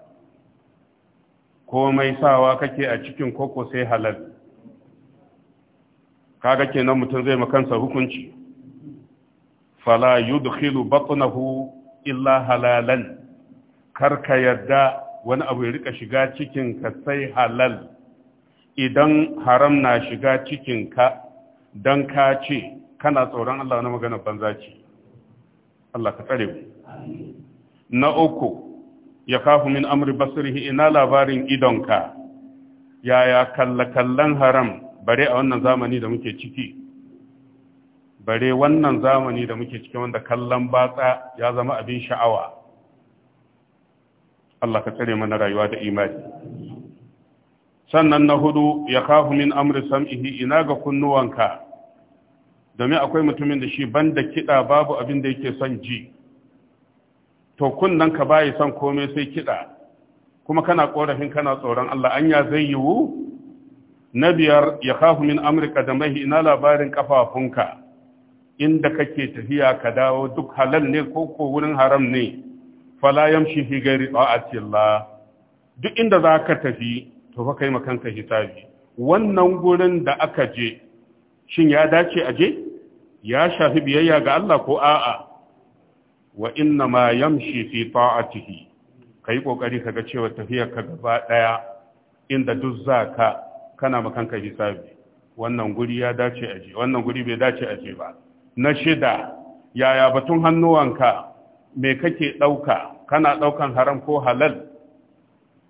komai sawa kake a cikin koko sai halal kaga kenan mutum zai makansa hukunci fala yudkhilu batnahu illa halalan ka yarda. wani abu ya rika shiga cikinka sai halal idan haram na shiga cikinka don ka ce kana tsoron Allah na magana banza ce Allah ka tsare mu na uku ya kafu min amri basirihi ina labarin idon ka yaya kalla-kallan haram bare a wannan zamani da muke ciki bare wannan zamani da muke ciki wanda kallon batsa ya zama abin sha'awa Allah ka tsare mana rayuwa da imani sannan na hudu ya kafu min amri sam'ihi ina ga kunnuwanka domin akwai mutumin da shi banda kiɗa babu abin da yake son ji to kunnan ka bayi son komai sai kiɗa kuma kana korafin kana tsoron Allah anya zai yiwu na biyar ya kafu min amri da ina labarin kafafunka inda kake tafiya ka dawo duk halal ne ko ko wurin haram ne fala yamshi fi ghairi ta'ati Allah duk inda zaka tafi to fa kai makanka hisabi wannan gurin da aka je shin ya dace a je ya shafi biyayya ga Allah ko a'a wa inna ma yamshi fi ta'atihi kai kokari ga cewa tafiyar ka gaba daya inda duk zaka kana makanka hisabi wannan guri ya dace a je wannan guri bai dace a je ba na shida yaya batun hannuwanka me kake ɗauka kana ɗaukan haram ko halal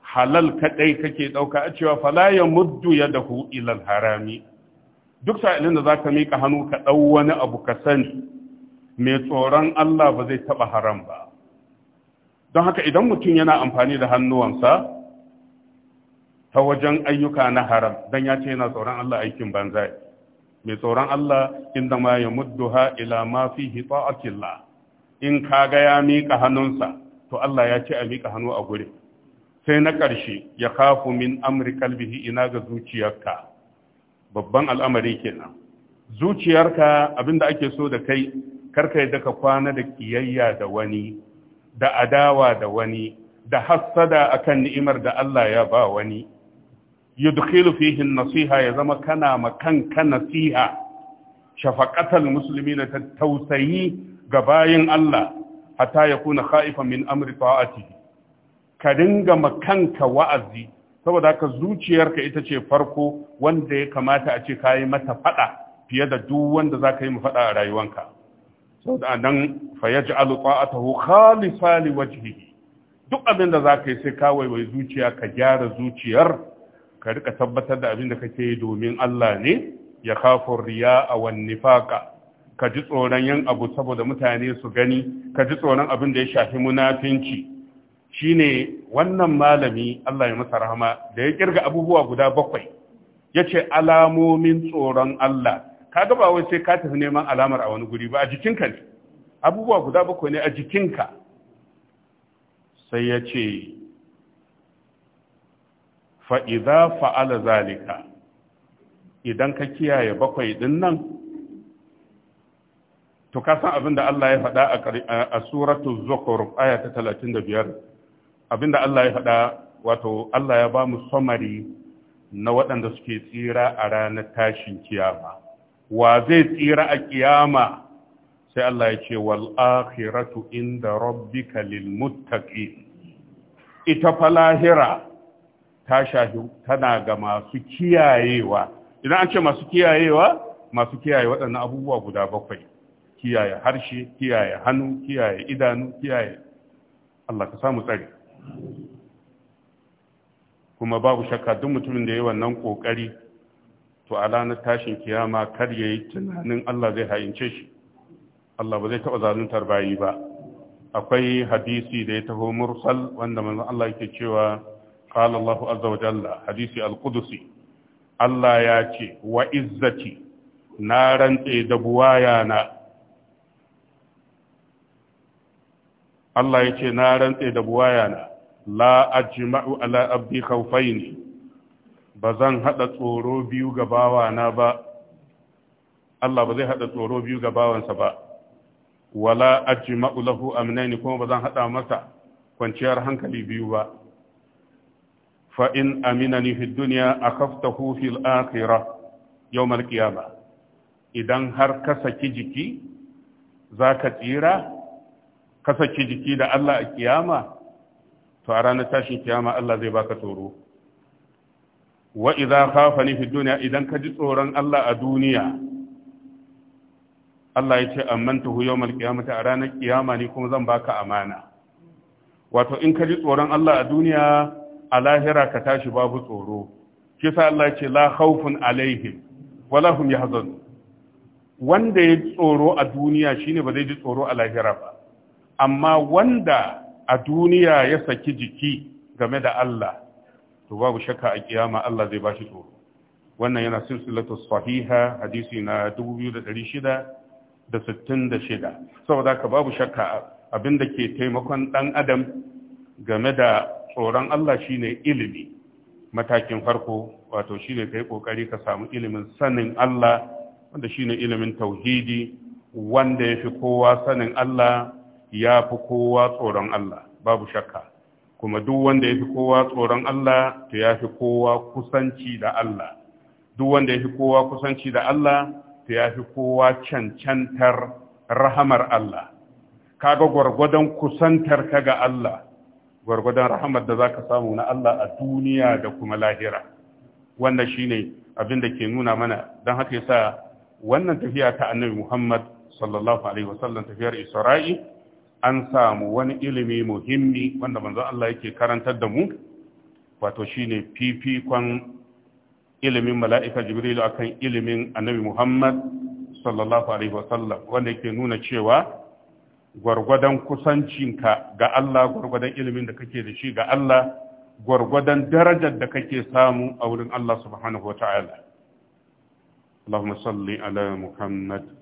halal kaɗai kake ɗauka a cewa fala ya muddu ya dahu ilal harami duk sa'ilin da za ka miƙa hannu ka ɗau wani abu ka sani mai tsoron Allah ba zai taɓa haram ba don haka idan mutum yana amfani da hannuwansa ta wajen ayyuka na haram don ya ce yana tsoron Allah aikin banza mai tsoron Allah inda ma ya muddu ha ila ma fi hita'akillah in kaga ya miƙa hannunsa to Allah ya ce a miƙa hannu a guri. sai na ƙarshe ya kafu min amri kalbihi ina ga zuciyarka babban al'amari kenan zuciyarka abinda ake so da kai karka yi daka kwana da kiyayya da wani da adawa da wani da hassada akan ni'imar da Allah ya ba wani yudkhilu fihin nasiha ya zama kana ma kanka nasiha Shafaƙatar musulmi na tausayi ga bayin Allah hatta ya kuna kha'ifa min amri ta'ati ka dinga makanka wa'azi saboda ka zuciyarka ita ce farko wanda ya kamata a ce kayi mata fada fiye da duk wanda za ka yi fada a rayuwanka saboda nan fa yaj'alu ta'atahu khalisa li wajhihi duk abin da za ka yi sai ka waiwai zuciya ka gyara zuciyar ka rika tabbatar da abin da kake yi domin Allah ne ya khafu riya wan nifaqa ka ji tsoron yan abu saboda mutane su gani ka ji tsoron abin da ya shafi munafinci shine wannan malami Allah ya masa rahama da ya kirga abubuwa guda bakwai ya ce alamomin tsoron Allah ka gaba wai sai ka tafi neman alamar a wani guri ba a jikinka ne abubuwa guda bakwai ne a jikinka sai ya ce fa'iza fa'ala zalika idan ka kiyaye bakwai din nan to ka san abin da Allah ya faɗa a suratu zukur aya ta 35 abin da Allah ya faɗa wato Allah ya ba mu samari na waɗanda suke tsira a ranar tashin kiyama wa zai tsira a kiyama sai Allah ya ce wal akhiratu inda rabbika lil muttaqin ita fa lahira ta shahi tana ga masu kiyayewa idan an ce masu kiyayewa masu kiyaye waɗannan abubuwa guda bakwai kiyaye harshe kiyaye hannu kiyaye idanu kiyaye Allah ka samu tsari kuma babu shakka duk mutumin da ya wannan kokari to a ranar tashin kiyama kar ya yi tunanin Allah zai hayince shi Allah ba zai taɓa zaluntar bayi ba akwai hadisi da ya taho mursal wanda manzon Allah yake cewa qala Allah azza wa jalla hadisi al-qudusi Allah ya ce wa izzati na rantse da buwaya na Allah ya ce na rantse da buwaya na la ajma'u ala abdi khawfaini ba zan hada tsoro biyu ga bawana ba Allah ba zai hada tsoro biyu ga bawansa ba wala ajma'u lahu amnaini kuma ba zan hada masa kwanciyar hankali biyu ba fa in aminani fi dunya akhaftahu fil akhirah yawm al qiyamah idan har ka saki jiki zaka tsira ka saki jiki da Allah a kiyama to a ranar tashin kiyama Allah zai baka tsoro wa idza khafani fi dunya idan ka ji tsoron Allah a duniya Allah ya ce amantahu yawmal qiyamati a ranar kiyama ni kuma zan baka amana wato in ka ji tsoron Allah a duniya a lahira ka tashi babu tsoro kisa Allah ya ce la khawfun alaihim wala hum yahzanun wanda ya tsoro a duniya shine ba zai ji tsoro a lahira ba amma wanda a duniya ya saki jiki game da Allah to babu shakka a kiyama Allah zai bashi tsoro wannan yana silsilatu sahiha hadisi na 2666 saboda ka babu shakka abinda ke taimakon dan adam game da tsoron Allah shine ilimi matakin farko wato shine kai kokari ka samu ilimin sanin Allah wanda shine ilimin tauhidi wanda yafi kowa sanin Allah ya fi kowa tsoron Allah babu shakka kuma duk wanda ya fi kowa tsoron Allah to ya fi kowa kusanci da Allah duk wanda ya fi kowa kusanci da Allah to ya fi kowa cancantar rahamar Allah kaga gwargwadon kusantar ka ga Allah gwargwadon rahamar da zaka samu na Allah a duniya da kuma lahira wannan shine abin da ke nuna mana don haka yasa wannan tafiya ta annabi Muhammad sallallahu alaihi wasallam tafiyar Isra'i an samu wani ilimi muhimmi wanda manzo Allah yake karantar da mu wato shine fifikon ilimin mala'ika jibrilu akan ilimin annabi Muhammad sallallahu alaihi wasallam wanda yake nuna cewa gwargwadon kusancinka ga Allah gwargwadon ilimin da kake da shi ga Allah gwargwadon darajar da kake samu a wurin Allah subhanahu wa ta'ala Allahumma salli ala Muhammad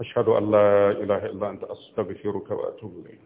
ashhadu an la ilaha illa anta astaghfiruka a atubu ilayk